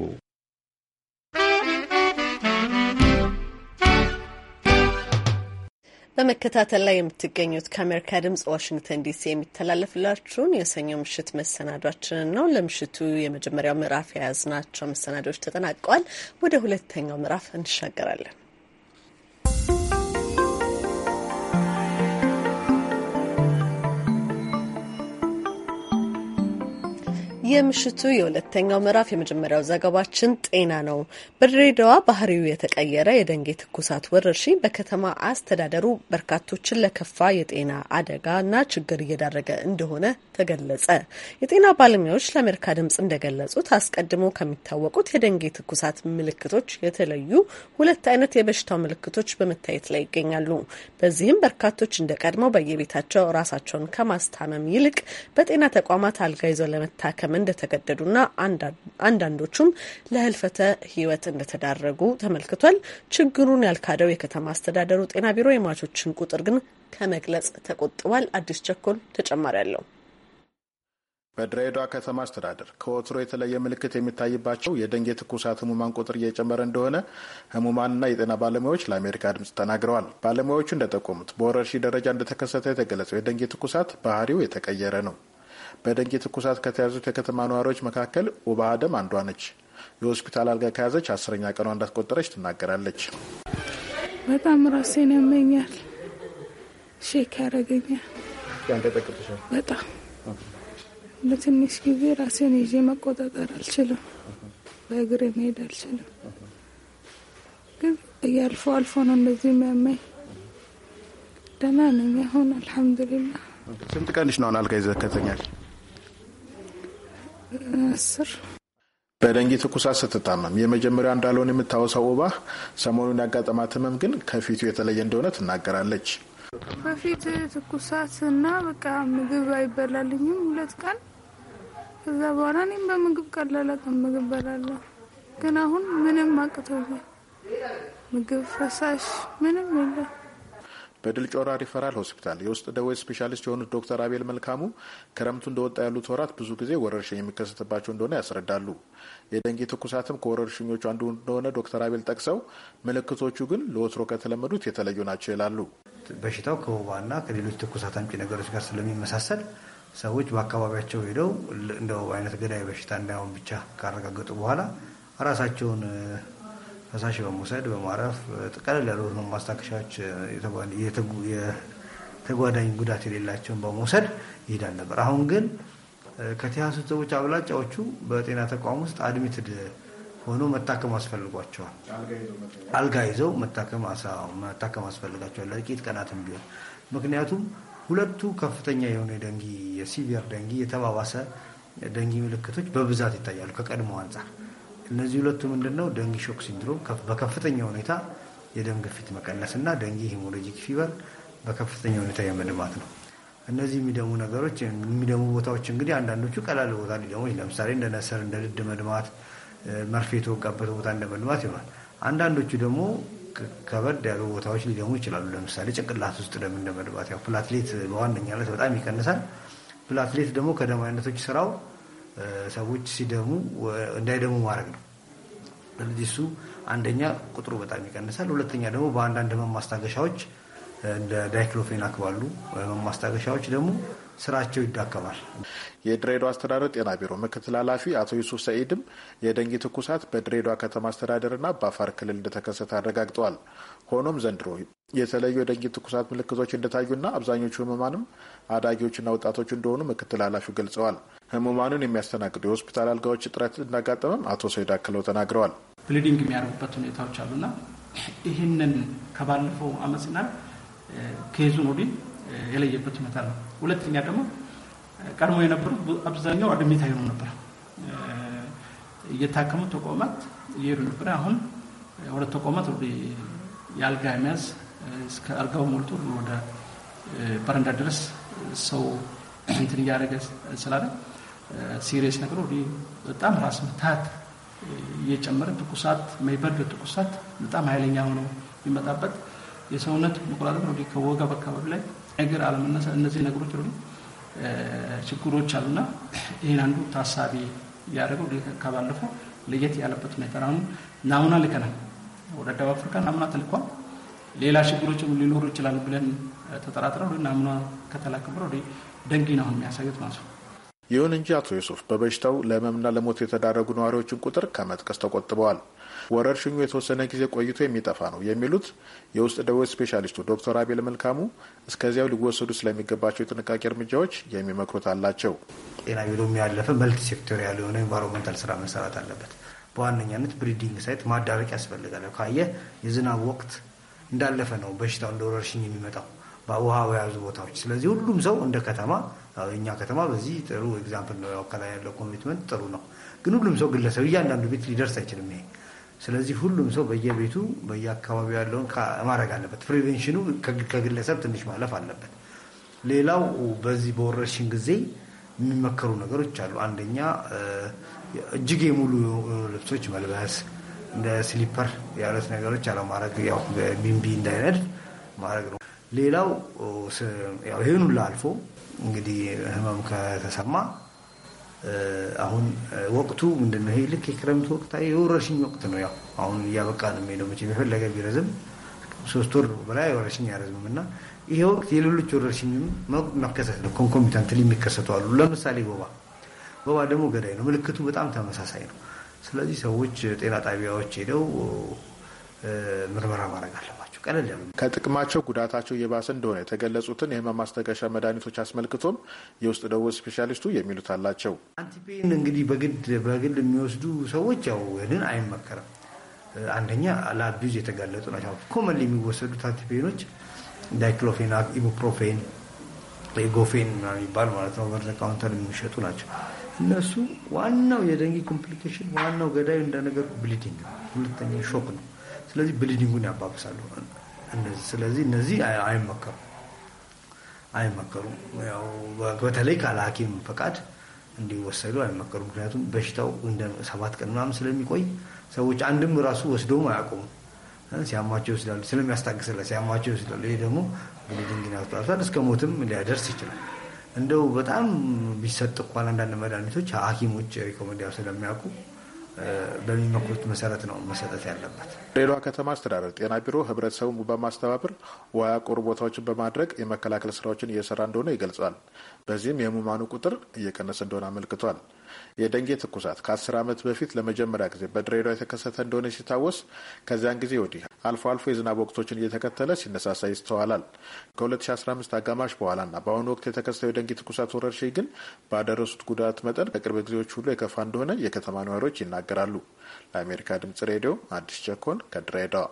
በመከታተል ላይ የምትገኙት ከአሜሪካ ድምጽ ዋሽንግተን ዲሲ የሚተላለፍላችሁን የሰኞ ምሽት መሰናዷችንን ነው። ለምሽቱ የመጀመሪያው ምዕራፍ የያዝናቸው መሰናዶች ተጠናቀዋል። ወደ ሁለተኛው ምዕራፍ እንሻገራለን። የምሽቱ የሁለተኛው ምዕራፍ የመጀመሪያው ዘገባችን ጤና ነው። በድሬዳዋ ባህሪው የተቀየረ የደንጌ ትኩሳት ወረርሽኝ በከተማ አስተዳደሩ በርካቶችን ለከፋ የጤና አደጋና ችግር እየዳረገ እንደሆነ ተገለጸ። የጤና ባለሙያዎች ለአሜሪካ ድምጽ እንደገለጹት አስቀድሞ ከሚታወቁት የደንጌ ትኩሳት ምልክቶች የተለዩ ሁለት አይነት የበሽታው ምልክቶች በመታየት ላይ ይገኛሉ። በዚህም በርካቶች እንደቀድመው በየቤታቸው ራሳቸውን ከማስታመም ይልቅ በጤና ተቋማት አልጋ ይዘው ለመታከምን እንደተገደዱና አንዳንዶቹም ለህልፈተ ህይወት እንደተዳረጉ ተመልክቷል። ችግሩን ያልካደው የከተማ አስተዳደሩ ጤና ቢሮ የሟቾችን ቁጥር ግን ከመግለጽ ተቆጥቧል። አዲስ ቸኮል ተጨማሪ አለው። በድሬዳዋ ከተማ አስተዳደር ከወትሮ የተለየ ምልክት የሚታይባቸው የደንጌ ትኩሳት ህሙማን ቁጥር እየጨመረ እንደሆነ ህሙማንና የጤና ባለሙያዎች ለአሜሪካ ድምጽ ተናግረዋል። ባለሙያዎቹ እንደጠቆሙት በወረርሺ ደረጃ እንደተከሰተ የተገለጸው የደንጌ ትኩሳት ባህሪው የተቀየረ ነው። በደንጌ ትኩሳት ከተያዙት የከተማ ነዋሪዎች መካከል ውባ አደም አንዷ ነች። የሆስፒታል አልጋ ከያዘች አስረኛ ቀኗ እንዳስቆጠረች ትናገራለች። በጣም ራሴን ያመኛል፣ ሼክ ያደረገኛል። በጣም ለትንሽ ጊዜ ራሴን ይዤ መቆጣጠር አልችልም። በእግሬ መሄድ አልችልም። ግን እያልፎ አልፎ ነው እንደዚህ የሚያመኝ። ደህና ነኝ አሁን አልሐምዱሊላህ። ስንት ቀንሽ ነው አልጋ ይዘህ ከተኛል? አስር በደንጊ ትኩሳት ስትታመም የመጀመሪያው እንዳልሆን የምታወሳው ወባ ሰሞኑን ያጋጠማት ህመም ግን ከፊቱ የተለየ እንደሆነ ትናገራለች። በፊት ትኩሳት እና በቃ ምግብ አይበላልኝም ሁለት ቀን። ከዛ በኋላ እኔም በምግብ ቀላል ምግብ በላለሁ፣ ግን አሁን ምንም አቅቶኛል። ምግብ ፈሳሽ ምንም የለም። በድል ጮራ ሪፈራል ሆስፒታል የውስጥ ደዌ ስፔሻሊስት የሆኑት ዶክተር አቤል መልካሙ ክረምቱ እንደወጣ ያሉት ወራት ብዙ ጊዜ ወረርሽኝ የሚከሰትባቸው እንደሆነ ያስረዳሉ። የደንጌ ትኩሳትም ከወረርሽኞቹ አንዱ እንደሆነ ዶክተር አቤል ጠቅሰው ምልክቶቹ ግን ለወትሮ ከተለመዱት የተለዩ ናቸው ይላሉ። በሽታው ከወባና ከሌሎች ትኩሳት አምጪ ነገሮች ጋር ስለሚመሳሰል ሰዎች በአካባቢያቸው ሄደው እንደ ወባ አይነት ገዳይ በሽታ እንዳይሆን ብቻ ካረጋገጡ በኋላ ራሳቸውን ፈሳሽ በመውሰድ በማረፍ ጥቀለል ያሉ ማስታከሻዎች የተጓዳኝ ጉዳት የሌላቸውን በመውሰድ ይሄዳል ነበር። አሁን ግን ከተያዙት ሰዎች አብላጫዎቹ በጤና ተቋም ውስጥ አድሚትድ ሆኖ መታከም አስፈልጓቸዋል። አልጋ ይዘው መታከም አስፈልጋቸዋል ለጥቂት ቀናትም ቢሆን ምክንያቱም ሁለቱ ከፍተኛ የሆነ ደንጊ የሲቪየር ደንጊ የተባባሰ ደንጊ ምልክቶች በብዛት ይታያሉ ከቀድሞ አንጻር እነዚህ ሁለቱ ምንድን ነው ደንጊ ሾክ ሲንድሮም በከፍተኛ ሁኔታ የደም ግፊት መቀነስ እና ደንጊ ሂሞሎጂክ ፊቨር በከፍተኛ ሁኔታ የመድማት ነው። እነዚህ የሚደሙ ነገሮች የሚደሙ ቦታዎች እንግዲህ አንዳንዶቹ ቀላል ቦታ ሊደሙ፣ ለምሳሌ እንደ ነሰር እንደ ልድ መድማት፣ መርፌ የተወጋበት ቦታ እንደ መድማት ይሆናል። አንዳንዶቹ ደግሞ ከበድ ያሉ ቦታዎች ሊደሙ ይችላሉ። ለምሳሌ ጭንቅላት ውስጥ ደም እንደ መድማት፣ ያው ፕላትሌት በዋነኛነት በጣም ይቀንሳል። ፕላትሌት ደግሞ ከደም አይነቶች ስራው ሰዎች ሲደሙ እንዳይደሙ ማድረግ ነው። ስለዚህ እሱ አንደኛ ቁጥሩ በጣም ይቀንሳል፣ ሁለተኛ ደግሞ በአንዳንድ ህመም ማስታገሻዎች እንደ ዳይክሎፌናክ ባሉ ማስታገሻዎች ደግሞ ስራቸው ይዳከማል። የድሬዳዋ አስተዳደር ጤና ቢሮ ምክትል ኃላፊ አቶ ዩሱፍ ሰኢድም የደንጊ ትኩሳት በድሬዳዋ ከተማ አስተዳደርና በአፋር ክልል እንደተከሰተ አረጋግጠዋል። ሆኖም ዘንድሮ የተለዩ የደንጊ ትኩሳት ምልክቶች እንደታዩና አብዛኞቹ ህሙማንም አዳጊዎችና ወጣቶች እንደሆኑ ምክትል ኃላፊው ገልጸዋል። ህሙማኑን የሚያስተናግዱ የሆስፒታል አልጋዎች እጥረት እንዳጋጠመም አቶ ሰይድ አክለው ተናግረዋል። ብሊዲንግ የሚያደርጉበት ሁኔታዎች አሉና ይህንን ከባለፈው አመፅና ከይዙ ኑዲን የለየበት ሁኔታ ነው። ሁለተኛ ደግሞ ቀድሞ የነበሩ አብዛኛው አድሜት አይኑ ነበር እየታከሙ ተቋማት እየሄዱ ነበር። አሁን ወደ ተቋማት ወደ የአልጋ መያዝ እስከ አልጋው ሞልቶ ወደ በረንዳ ድረስ ሰው እንትን እያደረገ ስላለ ሲሪየስ ነገር ወደ በጣም ራስ ምታት እየጨመረ ትኩሳት፣ መይበርግ ትኩሳት በጣም ኃይለኛ ሆነው የሚመጣበት የሰውነት መቆጣጠር ነው። ከወገብ አካባቢ ላይ እግር አለመነሳት፣ እነዚህ ነገሮች ሁሉ ችግሮች አሉና ይህን አንዱ ታሳቢ ያደረገው ከባለፈው ለየት ያለበት ሁኔታ አሁን ናሙና ልከናል። ወደ ደቡብ አፍሪካ ናሙና ተልኳል። ሌላ ችግሮች ሊኖሩ ይችላሉ ብለን ተጠራጥረው ናሙና ከተላከበረ ወደ ደንጊ ነው የሚያሳዩት ማለት ነው። ይሁን እንጂ አቶ ዩሱፍ በበሽታው ለህመምና ለሞት የተዳረጉ ነዋሪዎችን ቁጥር ከመጥቀስ ተቆጥበዋል። ወረርሽኙ የተወሰነ ጊዜ ቆይቶ የሚጠፋ ነው የሚሉት የውስጥ ደዌ ስፔሻሊስቱ ዶክተር አቤል መልካሙ እስከዚያው ሊወሰዱ ስለሚገባቸው የጥንቃቄ እርምጃዎች የሚመክሩት አላቸው። ጤና ቢሮ ያለፈ መልቲ ሴክቶሪያል የሆነ ኤንቫይሮንመንታል ስራ መሰራት አለበት። በዋነኛነት ብሪዲንግ ሳይት ማዳረቅ ያስፈልጋል። ካየ የዝናብ ወቅት እንዳለፈ ነው በሽታው እንደ ወረርሽኝ የሚመጣው በውሃ በያዙ ቦታዎች። ስለዚህ ሁሉም ሰው እንደ ከተማ እኛ ከተማ በዚህ ጥሩ ኤግዛምፕል ነው። ከላይ ያለው ኮሚትመንት ጥሩ ነው፣ ግን ሁሉም ሰው ግለሰብ እያንዳንዱ ቤት ሊደርስ አይችልም ይሄ ስለዚህ ሁሉም ሰው በየቤቱ በየአካባቢው ያለውን ማድረግ አለበት። ፕሪቬንሽኑ ከግለሰብ ትንሽ ማለፍ አለበት። ሌላው በዚህ በወረርሽኝ ጊዜ የሚመከሩ ነገሮች አሉ። አንደኛ እጅጌ ሙሉ ልብሶች መልበስ፣ እንደ ስሊፐር ያሉት ነገሮች አለማድረግ፣ ያው ቢንቢ እንዳይነድ ማድረግ ነው። ሌላው ይህን ሁሉ አልፎ እንግዲህ ህመም ከተሰማ አሁን ወቅቱ ምንድነው? ይሄ ልክ የክረምት ወቅት የወረርሽኝ ወቅት ነው። ያው አሁን እያበቃ ነው የሚሄደው። መቼም የፈለገ ቢረዝም ሶስት ወር በላይ ወረርሽኝ አይረዝምም እና ይሄ ወቅት የሌሎች ወረርሽኝም መከሰት ነው። ኮንኮሚታንት የሚከሰቱ አሉ። ለምሳሌ ወባ። ወባ ደግሞ ገዳይ ነው። ምልክቱ በጣም ተመሳሳይ ነው። ስለዚህ ሰዎች ጤና ጣቢያዎች ሄደው ምርመራ ማድረግ አለባቸው። ቀለል ያሉ ከጥቅማቸው ጉዳታቸው እየባሰ እንደሆነ የተገለጹትን የህመም ማስታገሻ መድኃኒቶች አስመልክቶም የውስጥ ደዌ ስፔሻሊስቱ የሚሉት አላቸው። አንቲፔን እንግዲህ በግድ በግል የሚወስዱ ሰዎች ያው ግን አይመከርም። አንደኛ ለአቢዩዝ የተጋለጡ ናቸው። ኮመን የሚወሰዱት አንቲፔኖች ዳይክሎፌናክ፣ ኢቡፕሮፌን፣ ጎፌን የሚባል ማለት ነው ኦቨር ዘ ካውንተር የሚሸጡ ናቸው። እነሱ ዋናው የደንጊ ኮምፕሊኬሽን ዋናው ገዳዩ እንደነገር ብሊዲንግ፣ ሁለተኛ ሾክ ነው። ስለዚህ ብሊዲንጉን ያባብሳሉ። ስለዚህ እነዚህ አይመከሩ አይመከሩም። ያው በተለይ ካለ ሐኪም ፈቃድ እንዲወሰዱ አይመከሩ። ምክንያቱም በሽታው እንደ ሰባት ቀን ምናምን ስለሚቆይ ሰዎች አንድም ራሱ ወስደውም አያውቁም። ሲያማቸው ይወስዳሉ፣ ስለሚያስታግስላ ሲያማቸው ይወስዳሉ። ይሄ ደግሞ ብሊዲንግን ያስጠራል፣ እስከ ሞትም ሊያደርስ ይችላል። እንደው በጣም ቢሰጥ እንኳን አንዳንድ መድኃኒቶች ሐኪሞች ሪኮመንድ ያው ስለሚያውቁ በሚመክሩት መሰረት ነው መሰጠት ያለበት። ሌሏ ከተማ አስተዳደር ጤና ቢሮ ህብረተሰቡን በማስተባበር ውሃ ቁር ቦታዎችን በማድረግ የመከላከል ስራዎችን እየሰራ እንደሆነ ይገልጻል። በዚህም የህሙማኑ ቁጥር እየቀነሰ እንደሆነ አመልክቷል። የደንጌ ትኩሳት ከአስር ዓመት በፊት ለመጀመሪያ ጊዜ በድሬዳዋ የተከሰተ እንደሆነ ሲታወስ ከዚያን ጊዜ ወዲህ አልፎ አልፎ የዝናብ ወቅቶችን እየተከተለ ሲነሳሳ ይስተዋላል። ከ2015 አጋማሽ በኋላና በአሁኑ ወቅት የተከሰተው የደንጌ ትኩሳት ወረርሽኝ ግን ባደረሱት ጉዳት መጠን ከቅርብ ጊዜዎች ሁሉ የከፋ እንደሆነ የከተማ ነዋሪዎች ይናገራሉ። ለአሜሪካ ድምጽ ሬዲዮ አዲስ ቸኮን ከድሬዳዋ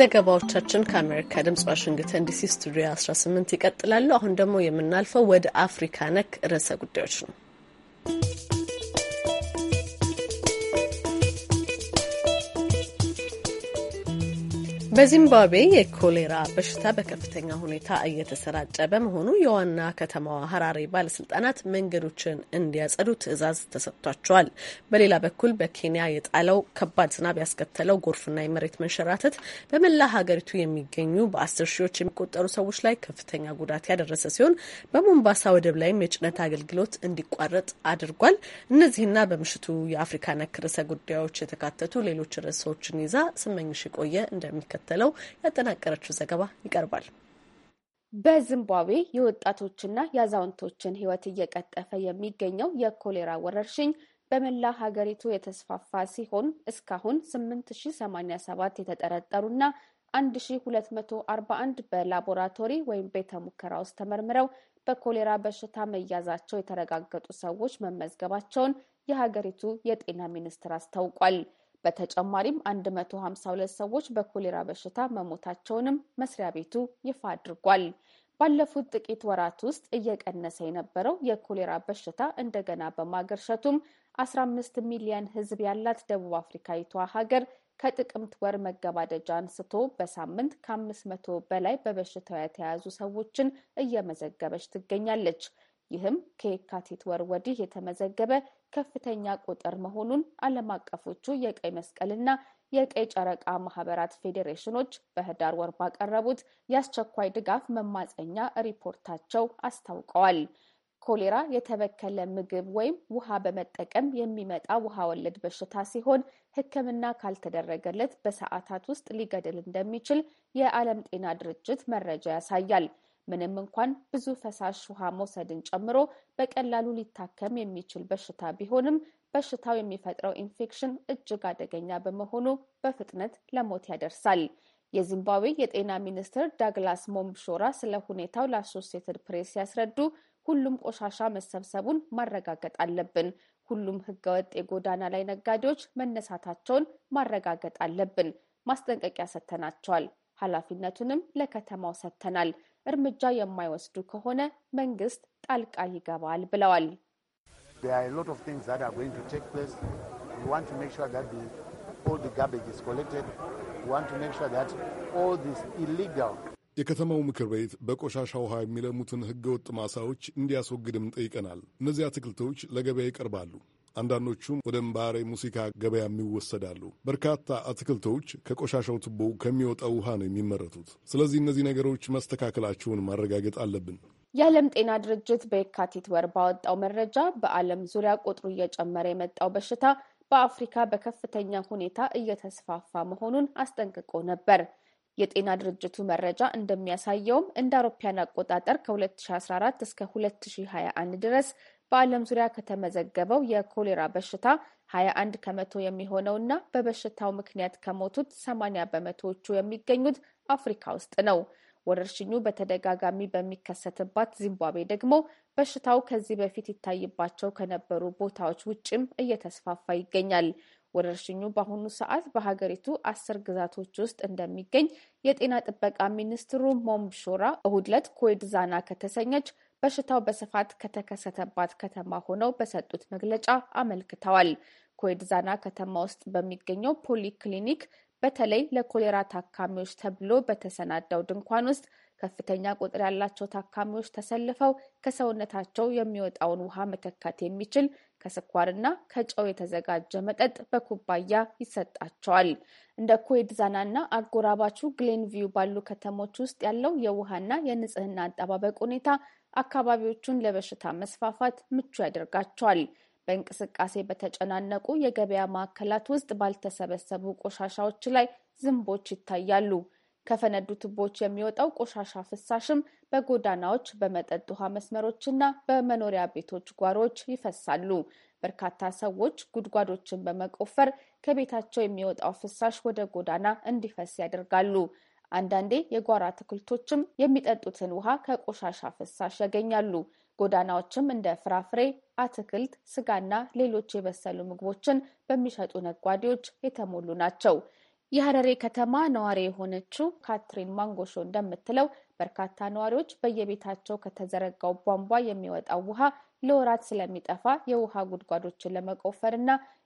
ዘገባዎቻችን ከአሜሪካ ድምጽ ዋሽንግተን ዲሲ ስቱዲዮ 18 ይቀጥላሉ። አሁን ደግሞ የምናልፈው ወደ አፍሪካ ነክ ርዕሰ ጉዳዮች ነው። በዚምባብዌ የኮሌራ በሽታ በከፍተኛ ሁኔታ እየተሰራጨ በመሆኑ የዋና ከተማዋ ሀራሬ ባለስልጣናት መንገዶችን እንዲያጸዱ ትዕዛዝ ተሰጥቷቸዋል። በሌላ በኩል በኬንያ የጣለው ከባድ ዝናብ ያስከተለው ጎርፍና የመሬት መንሸራተት በመላ ሀገሪቱ የሚገኙ በአስር ሺዎች የሚቆጠሩ ሰዎች ላይ ከፍተኛ ጉዳት ያደረሰ ሲሆን በሞምባሳ ወደብ ላይም የጭነት አገልግሎት እንዲቋረጥ አድርጓል። እነዚህና በምሽቱ የአፍሪካ ነክ ርዕሰ ጉዳዮች የተካተቱ ሌሎች ርዕሶችን ይዛ ስመኝሽ የቆየ እንደሚከ ተከተለው ያጠናቀረችው ዘገባ ይቀርባል። በዚምባብዌ የወጣቶችና የአዛውንቶችን ሕይወት እየቀጠፈ የሚገኘው የኮሌራ ወረርሽኝ በመላ ሀገሪቱ የተስፋፋ ሲሆን እስካሁን 8087 የተጠረጠሩና 1241 በላቦራቶሪ ወይም ቤተ ሙከራ ውስጥ ተመርምረው በኮሌራ በሽታ መያዛቸው የተረጋገጡ ሰዎች መመዝገባቸውን የሀገሪቱ የጤና ሚኒስቴር አስታውቋል። በተጨማሪም 152 ሰዎች በኮሌራ በሽታ መሞታቸውንም መስሪያ ቤቱ ይፋ አድርጓል። ባለፉት ጥቂት ወራት ውስጥ እየቀነሰ የነበረው የኮሌራ በሽታ እንደገና በማገርሸቱም 15 ሚሊዮን ሕዝብ ያላት ደቡብ አፍሪካዊቷ ሀገር ከጥቅምት ወር መገባደጃ አንስቶ በሳምንት ከ500 በላይ በበሽታው የተያዙ ሰዎችን እየመዘገበች ትገኛለች። ይህም ከየካቲት ወር ወዲህ የተመዘገበ ከፍተኛ ቁጥር መሆኑን ዓለም አቀፎቹ የቀይ መስቀልና የቀይ ጨረቃ ማህበራት ፌዴሬሽኖች በህዳር ወር ባቀረቡት የአስቸኳይ ድጋፍ መማፀኛ ሪፖርታቸው አስታውቀዋል። ኮሌራ የተበከለ ምግብ ወይም ውሃ በመጠቀም የሚመጣ ውሃ ወለድ በሽታ ሲሆን ሕክምና ካልተደረገለት በሰዓታት ውስጥ ሊገድል እንደሚችል የዓለም ጤና ድርጅት መረጃ ያሳያል። ምንም እንኳን ብዙ ፈሳሽ ውሃ መውሰድን ጨምሮ በቀላሉ ሊታከም የሚችል በሽታ ቢሆንም በሽታው የሚፈጥረው ኢንፌክሽን እጅግ አደገኛ በመሆኑ በፍጥነት ለሞት ያደርሳል። የዚምባብዌ የጤና ሚኒስትር ዳግላስ ሞምብሾራ ስለ ሁኔታው ለአሶሲየትድ ፕሬስ ሲያስረዱ ሁሉም ቆሻሻ መሰብሰቡን ማረጋገጥ አለብን። ሁሉም ህገወጥ የጎዳና ላይ ነጋዴዎች መነሳታቸውን ማረጋገጥ አለብን። ማስጠንቀቂያ ሰጥተናቸዋል። ኃላፊነቱንም ለከተማው ሰጥተናል። እርምጃ የማይወስዱ ከሆነ መንግስት ጣልቃ ይገባል ብለዋል። የከተማው ምክር ቤት በቆሻሻ ውሃ የሚለሙትን ህገወጥ ማሳዎች እንዲያስወግድም ጠይቀናል። እነዚህ አትክልቶች ለገበያ ይቀርባሉ። አንዳንዶቹም ወደ ምባሬ ሙሲካ ገበያም ይወሰዳሉ። በርካታ አትክልቶች ከቆሻሻው ቱቦ ከሚወጣው ውሃ ነው የሚመረቱት። ስለዚህ እነዚህ ነገሮች መስተካከላቸውን ማረጋገጥ አለብን። የዓለም ጤና ድርጅት በየካቲት ወር ባወጣው መረጃ በዓለም ዙሪያ ቁጥሩ እየጨመረ የመጣው በሽታ በአፍሪካ በከፍተኛ ሁኔታ እየተስፋፋ መሆኑን አስጠንቅቆ ነበር። የጤና ድርጅቱ መረጃ እንደሚያሳየውም እንደ አውሮፓያን አቆጣጠር ከ2014 እስከ 2021 ድረስ በዓለም ዙሪያ ከተመዘገበው የኮሌራ በሽታ 21 ከመቶ የሚሆነው እና በበሽታው ምክንያት ከሞቱት 80 በመቶዎቹ የሚገኙት አፍሪካ ውስጥ ነው። ወረርሽኙ በተደጋጋሚ በሚከሰትባት ዚምባብዌ ደግሞ በሽታው ከዚህ በፊት ይታይባቸው ከነበሩ ቦታዎች ውጭም እየተስፋፋ ይገኛል። ወረርሽኙ በአሁኑ ሰዓት በሀገሪቱ አስር ግዛቶች ውስጥ እንደሚገኝ የጤና ጥበቃ ሚኒስትሩ ሞምብሾራ እሁድ ዕለት ኮይድዛና ከተሰኘች በሽታው በስፋት ከተከሰተባት ከተማ ሆነው በሰጡት መግለጫ አመልክተዋል። ኮይድዛና ከተማ ውስጥ በሚገኘው ፖሊ ክሊኒክ በተለይ ለኮሌራ ታካሚዎች ተብሎ በተሰናዳው ድንኳን ውስጥ ከፍተኛ ቁጥር ያላቸው ታካሚዎች ተሰልፈው ከሰውነታቸው የሚወጣውን ውሃ መተካት የሚችል ከስኳርና ከጨው የተዘጋጀ መጠጥ በኩባያ ይሰጣቸዋል። እንደ ኩዌድዛናና አጎራባቹ ግሌንቪው ባሉ ከተሞች ውስጥ ያለው የውሃና የንጽህና አጠባበቅ ሁኔታ አካባቢዎቹን ለበሽታ መስፋፋት ምቹ ያደርጋቸዋል። በእንቅስቃሴ በተጨናነቁ የገበያ ማዕከላት ውስጥ ባልተሰበሰቡ ቆሻሻዎች ላይ ዝንቦች ይታያሉ። ከፈነዱ ቱቦች የሚወጣው ቆሻሻ ፍሳሽም በጎዳናዎች፣ በመጠጥ ውሃ መስመሮችና በመኖሪያ ቤቶች ጓሮዎች ይፈሳሉ። በርካታ ሰዎች ጉድጓዶችን በመቆፈር ከቤታቸው የሚወጣው ፍሳሽ ወደ ጎዳና እንዲፈስ ያደርጋሉ። አንዳንዴ የጓሮ አትክልቶችም የሚጠጡትን ውሃ ከቆሻሻ ፍሳሽ ያገኛሉ። ጎዳናዎችም እንደ ፍራፍሬ፣ አትክልት፣ ስጋና ሌሎች የበሰሉ ምግቦችን በሚሸጡ ነጓዴዎች የተሞሉ ናቸው። የሀረሬ ከተማ ነዋሪ የሆነችው ካትሪን ማንጎሾ እንደምትለው በርካታ ነዋሪዎች በየቤታቸው ከተዘረጋው ቧንቧ የሚወጣው ውሃ ለወራት ስለሚጠፋ የውሃ ጉድጓዶችን ለመቆፈር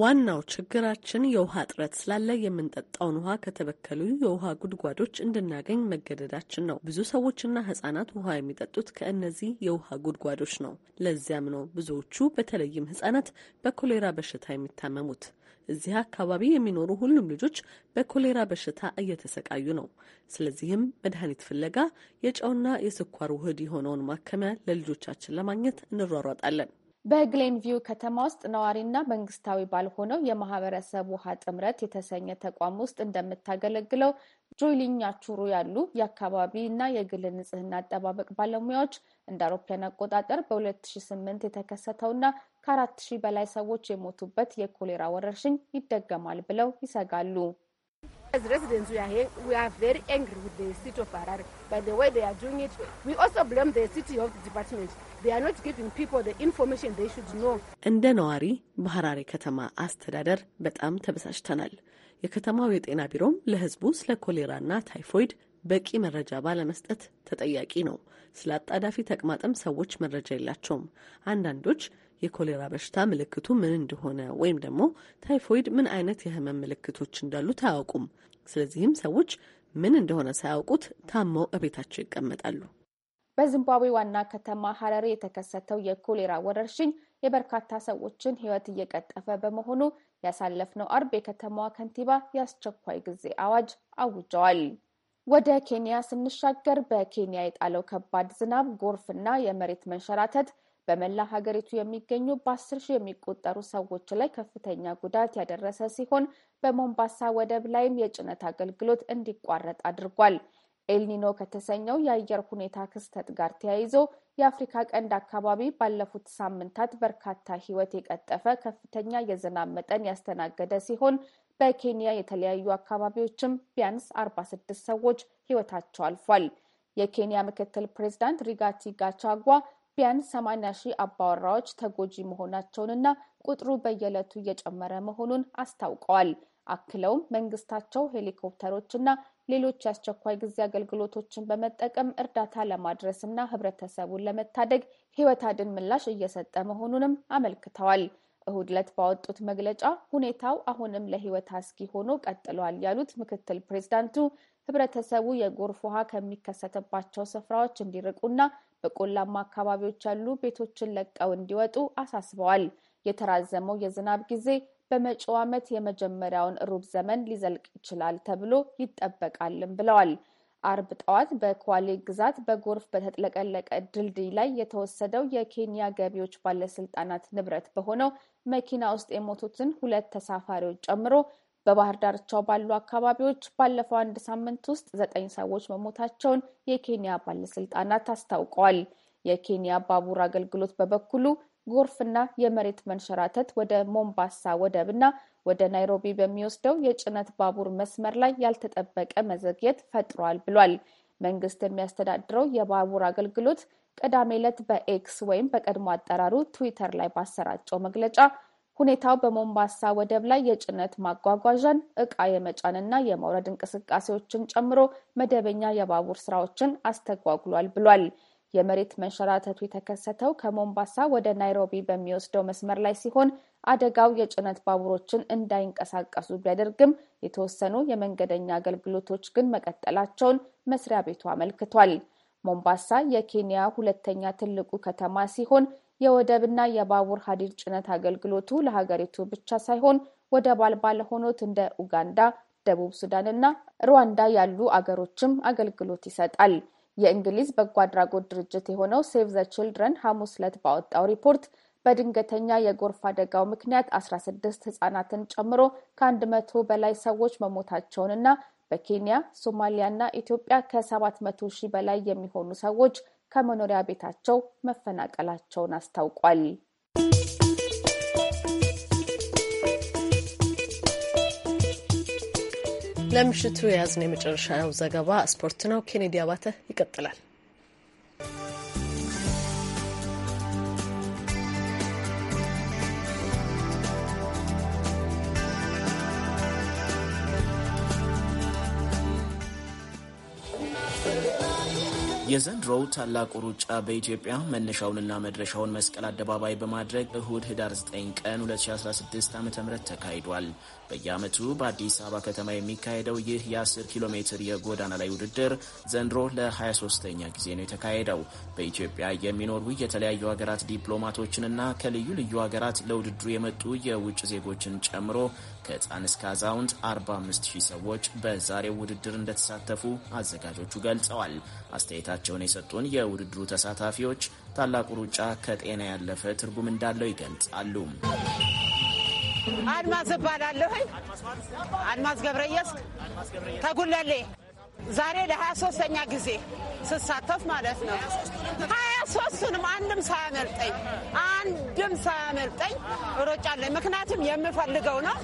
ዋናው ችግራችን የውሃ እጥረት ስላለ የምንጠጣውን ውሃ ከተበከሉ የውሃ ጉድጓዶች እንድናገኝ መገደዳችን ነው። ብዙ ሰዎችና ህጻናት ውሃ የሚጠጡት ከእነዚህ የውሃ ጉድጓዶች ነው። ለዚያም ነው ብዙዎቹ በተለይም ህጻናት በኮሌራ በሽታ የሚታመሙት። እዚህ አካባቢ የሚኖሩ ሁሉም ልጆች በኮሌራ በሽታ እየተሰቃዩ ነው። ስለዚህም መድኃኒት ፍለጋ የጨውና የስኳር ውህድ የሆነውን ማከሚያ ለልጆቻችን ለማግኘት እንሯሯጣለን። በግሌን ቪው ከተማ ውስጥ ነዋሪና መንግስታዊ ባልሆነው የማህበረሰብ ውሃ ጥምረት የተሰኘ ተቋም ውስጥ እንደምታገለግለው ጆይሊኛቹሩ ያሉ የአካባቢ እና የግል ንጽህና አጠባበቅ ባለሙያዎች እንደ አውሮፓውያን አቆጣጠር በ2008 የተከሰተውና ከአራት ሺህ በላይ ሰዎች የሞቱበት የኮሌራ ወረርሽኝ ይደገማል ብለው ይሰጋሉ። እንደ ነዋሪ በሐራሬ ከተማ አስተዳደር በጣም ተበሳጭተናል። የከተማው የጤና ቢሮም ለሕዝቡ ስለ ኮሌራና ታይፎይድ በቂ መረጃ ባለመስጠት ተጠያቂ ነው። ስለ አጣዳፊ ተቅማጥም ሰዎች መረጃ የላቸውም። አንዳንዶች የኮሌራ በሽታ ምልክቱ ምን እንደሆነ ወይም ደግሞ ታይፎይድ ምን አይነት የህመም ምልክቶች እንዳሉት አያውቁም። ስለዚህም ሰዎች ምን እንደሆነ ሳያውቁት ታመው እቤታቸው ይቀመጣሉ። በዚምባብዌ ዋና ከተማ ሀረሪ የተከሰተው የኮሌራ ወረርሽኝ የበርካታ ሰዎችን ህይወት እየቀጠፈ በመሆኑ ያሳለፍነው አርብ የከተማዋ ከንቲባ የአስቸኳይ ጊዜ አዋጅ አውጀዋል። ወደ ኬንያ ስንሻገር በኬንያ የጣለው ከባድ ዝናብ፣ ጎርፍና የመሬት መንሸራተት በመላ ሀገሪቱ የሚገኙ በአስር ሺህ የሚቆጠሩ ሰዎች ላይ ከፍተኛ ጉዳት ያደረሰ ሲሆን በሞምባሳ ወደብ ላይም የጭነት አገልግሎት እንዲቋረጥ አድርጓል። ኤልኒኖ ከተሰኘው የአየር ሁኔታ ክስተት ጋር ተያይዞ የአፍሪካ ቀንድ አካባቢ ባለፉት ሳምንታት በርካታ ሕይወት የቀጠፈ ከፍተኛ የዝናብ መጠን ያስተናገደ ሲሆን በኬንያ የተለያዩ አካባቢዎችም ቢያንስ 46 ሰዎች ሕይወታቸው አልፏል። የኬንያ ምክትል ፕሬዚዳንት ሪጋቲ ጋቻጓ ቢያንስ ሰማንያ ሺህ አባወራዎች ተጎጂ መሆናቸውንና ቁጥሩ በየዕለቱ እየጨመረ መሆኑን አስታውቀዋል። አክለውም መንግስታቸው ሄሊኮፕተሮችና ሌሎች የአስቸኳይ ጊዜ አገልግሎቶችን በመጠቀም እርዳታ ለማድረስና ህብረተሰቡን ለመታደግ ህይወት አድን ምላሽ እየሰጠ መሆኑንም አመልክተዋል። እሁድ ዕለት ባወጡት መግለጫ ሁኔታው አሁንም ለህይወት አስጊ ሆኖ ቀጥሏል ያሉት ምክትል ፕሬዚዳንቱ ህብረተሰቡ የጎርፍ ውሃ ከሚከሰትባቸው ስፍራዎች እንዲርቁና በቆላማ አካባቢዎች ያሉ ቤቶችን ለቀው እንዲወጡ አሳስበዋል። የተራዘመው የዝናብ ጊዜ በመጪው ዓመት የመጀመሪያውን ሩብ ዘመን ሊዘልቅ ይችላል ተብሎ ይጠበቃልም ብለዋል። አርብ ጠዋት በኳሌ ግዛት በጎርፍ በተጥለቀለቀ ድልድይ ላይ የተወሰደው የኬንያ ገቢዎች ባለስልጣናት ንብረት በሆነው መኪና ውስጥ የሞቱትን ሁለት ተሳፋሪዎች ጨምሮ በባህር ዳርቻው ባሉ አካባቢዎች ባለፈው አንድ ሳምንት ውስጥ ዘጠኝ ሰዎች መሞታቸውን የኬንያ ባለስልጣናት አስታውቀዋል። የኬንያ ባቡር አገልግሎት በበኩሉ ጎርፍና የመሬት መንሸራተት ወደ ሞምባሳ እና ወደ ናይሮቢ በሚወስደው የጭነት ባቡር መስመር ላይ ያልተጠበቀ መዘግየት ፈጥሯል ብሏል። መንግስት የሚያስተዳድረው የባቡር አገልግሎት ቅዳሜ ዕለት በኤክስ ወይም በቀድሞ አጠራሩ ትዊተር ላይ ባሰራጨው መግለጫ ሁኔታው በሞምባሳ ወደብ ላይ የጭነት ማጓጓዣን እቃ የመጫንና የመውረድ እንቅስቃሴዎችን ጨምሮ መደበኛ የባቡር ስራዎችን አስተጓጉሏል ብሏል። የመሬት መንሸራተቱ የተከሰተው ከሞምባሳ ወደ ናይሮቢ በሚወስደው መስመር ላይ ሲሆን አደጋው የጭነት ባቡሮችን እንዳይንቀሳቀሱ ቢያደርግም የተወሰኑ የመንገደኛ አገልግሎቶች ግን መቀጠላቸውን መስሪያ ቤቱ አመልክቷል። ሞምባሳ የኬንያ ሁለተኛ ትልቁ ከተማ ሲሆን የወደብና የባቡር ሀዲድ ጭነት አገልግሎቱ ለሀገሪቱ ብቻ ሳይሆን ወደብ አልባ ለሆኑት እንደ ኡጋንዳ፣ ደቡብ ሱዳን እና ሩዋንዳ ያሉ አገሮችም አገልግሎት ይሰጣል። የእንግሊዝ በጎ አድራጎት ድርጅት የሆነው ሴቭ ዘ ችልድረን ሐሙስ ዕለት ባወጣው ሪፖርት በድንገተኛ የጎርፍ አደጋው ምክንያት 16 ህጻናትን ጨምሮ ከአንድ መቶ በላይ ሰዎች መሞታቸውንና በኬንያ ሶማሊያ እና ኢትዮጵያ ከ700 ሺህ በላይ የሚሆኑ ሰዎች ከመኖሪያ ቤታቸው መፈናቀላቸውን አስታውቋል። ለምሽቱ የያዝነው የመጨረሻው ዘገባ ስፖርት ነው። ኬኔዲ አባተ ይቀጥላል። የዘንድሮው ታላቁ ሩጫ በኢትዮጵያ መነሻውንና መድረሻውን መስቀል አደባባይ በማድረግ እሁድ ህዳር 9 ቀን 2016 ዓ ም ተካሂዷል። በየዓመቱ በአዲስ አበባ ከተማ የሚካሄደው ይህ የ10 ኪሎ ሜትር የጎዳና ላይ ውድድር ዘንድሮ ለ23ኛ ጊዜ ነው የተካሄደው። በኢትዮጵያ የሚኖሩ የተለያዩ ሀገራት ዲፕሎማቶችንና ከልዩ ልዩ ሀገራት ለውድድሩ የመጡ የውጭ ዜጎችን ጨምሮ ከህፃን እስከ አዛውንት 45 ሺህ ሰዎች በዛሬው ውድድር እንደተሳተፉ አዘጋጆቹ ገልጸዋል። አስተያየታቸው አስተያየታቸውን የሰጡን የውድድሩ ተሳታፊዎች ታላቁ ሩጫ ከጤና ያለፈ ትርጉም እንዳለው ይገልጻሉ። አድማስ እባላለሁኝ። አድማስ ገብረየስ ተጉለሌ ዛሬ ለሀያ ሶስተኛ ጊዜ ስሳተፍ ማለት ነው። ሀያ ሶስቱንም አንድም ሳያመልጠኝ አንድም ሳያመልጠኝ ሮጫለኝ። ምክንያቱም የምፈልገው ነው።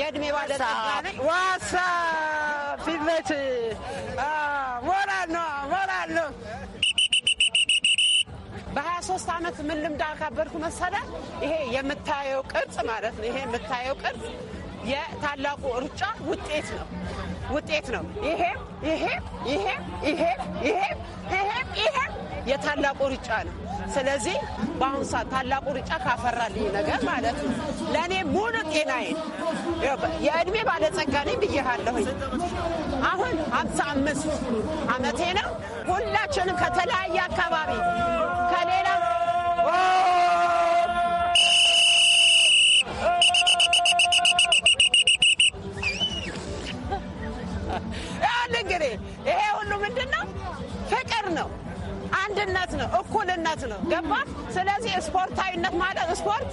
የእድሜ ባለጠጋ ነኝ። ዋሳ ፊት ሞራል ነው ሞራል ነው። በሀያ ሶስት አመት ምን ልምድ አካበድኩ መሰለ። ይሄ የምታየው ቅርጽ ማለት ነው። ይሄ የምታየው ቅርጽ የታላቁ ሩጫ ውጤት ነው። ውጤት ነው። ይሄም ይሄም ይሄም ይሄም ይሄም ይሄም ይሄም የታላቁ ሩጫ ነው። ስለዚህ በአሁኑ ሰዓት ታላቁ ሩጫ ካፈራልኝ ነገር ማለት ነው ለእኔ ሙሉ ጤናዬን የእድሜ ባለጸጋ ነኝ ብዬሃለሁኝ። አሁን ሀምሳ አምስት አመቴ ነው። ሁላችንም ከተለያየ አካባቢ ከሌላ ይሄ ሁሉ ምንድን ነው? ፍቅር ነው፣ አንድነት ነው፣ እኩልነት ነው። ገባ? ስለዚህ ስፖርታዊነት ማለት ስፖርት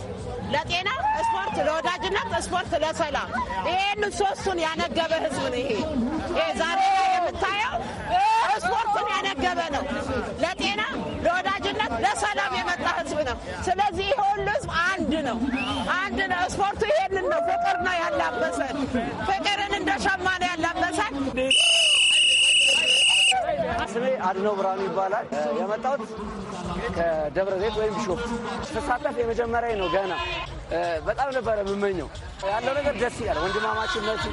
ለጤና፣ ስፖርት ለወዳጅነት፣ ስፖርት ለሰላም፣ ይሄን ሶስቱን ያነገበ ህዝብ ነው። ይሄ ይሄ ዛሬ የምታየው ስፖርትን ያነገበ ነው። ለጤና፣ ለወዳጅነት፣ ለሰላም የመጣ ህዝብ ነው። ስለዚህ ይሄ ሁሉ ህዝብ አንድ ነው፣ አንድ ነው። ስፖርቱ ይሄንን ነው። ፍቅር ነው ያላበሰን፣ ፍቅርን እንደ ሸማ ነው ያላበሰን። ስሜ አድነው ብርሃኑ ይባላል። የመጣሁት ከደብረ ዘይት ወይም ቢሾፍቱ ተሳተፍ የመጀመሪያ ነው። ገና በጣም ነበረ የምመኘው። ያለው ነገር ደስ ይላል። ወንድማማችነቱ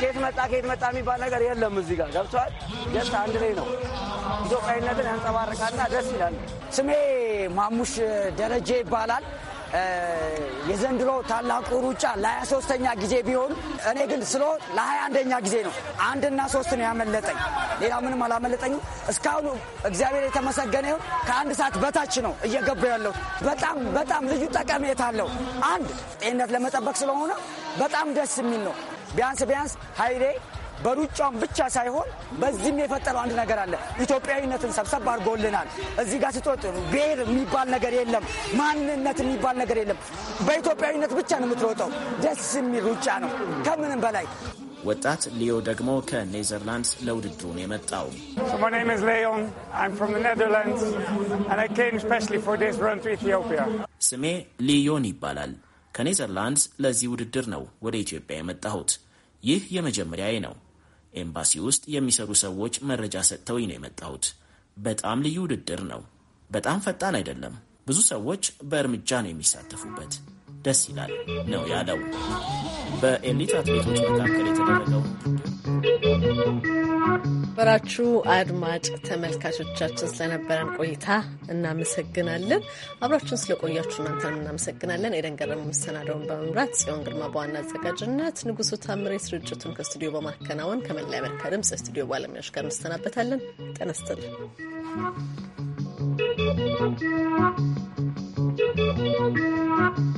ከየት መጣ ከየት መጣ የሚባል ነገር የለም። እዚህ ጋር ገብተዋል። ደስ አንድ ላይ ነው። ኢትዮጵያዊነትን ያንጸባርቃልና ደስ ይላል። ስሜ ማሙሽ ደረጀ ይባላል። የዘንድሮ ታላቁ ሩጫ ለ23ተኛ ጊዜ ቢሆን እኔ ግን ስሎ ለ21ኛ ጊዜ ነው። አንድና ሶስት ነው ያመለጠኝ። ሌላ ምንም አላመለጠኝም። እስካሁኑ እግዚአብሔር የተመሰገነ ይሁን ከአንድ ሰዓት በታች ነው እየገባ ያለው። በጣም በጣም ልዩ ጠቀሜታ አለው። አንድ ጤንነት ለመጠበቅ ስለሆነ በጣም ደስ የሚል ነው። ቢያንስ ቢያንስ ሀይሌ በሩጫውም ብቻ ሳይሆን በዚህም የፈጠረው አንድ ነገር አለ። ኢትዮጵያዊነትን ሰብሰብ አድርጎልናል። እዚህ ጋር ስትወጥ ብሔር የሚባል ነገር የለም፣ ማንነት የሚባል ነገር የለም። በኢትዮጵያዊነት ብቻ ነው የምትሮጠው። ደስ የሚል ሩጫ ነው ከምንም በላይ። ወጣት ሊዮ ደግሞ ከኔዘርላንድስ ለውድድሩ የመጣው። ስሜ ሊዮን ይባላል። ከኔዘርላንድስ ለዚህ ውድድር ነው ወደ ኢትዮጵያ የመጣሁት። ይህ የመጀመሪያዬ ነው። ኤምባሲ ውስጥ የሚሰሩ ሰዎች መረጃ ሰጥተውኝ ነው የመጣሁት። በጣም ልዩ ውድድር ነው። በጣም ፈጣን አይደለም። ብዙ ሰዎች በእርምጃ ነው የሚሳተፉበት። ደስ ይላል ነው ያለው በኤሊት አትሌቶች መካከል የተደረገው በራችሁ አድማጭ ተመልካቾቻችን ስለነበረን ቆይታ እናመሰግናለን። አብራችሁን ስለቆያችሁ እናንተን እናመሰግናለን። ኤደን ገረመ መሰናደውን በመምራት ጽዮን ግርማ በዋና አዘጋጅነት፣ ንጉሱ ታምሬ ስርጭቱን ከስቱዲዮ በማከናወን ከመላ የአሜሪካ ድምጽ ስቱዲዮ ባለሙያዎች ጋር እንሰናበታለን። ጤና ይስጥልን።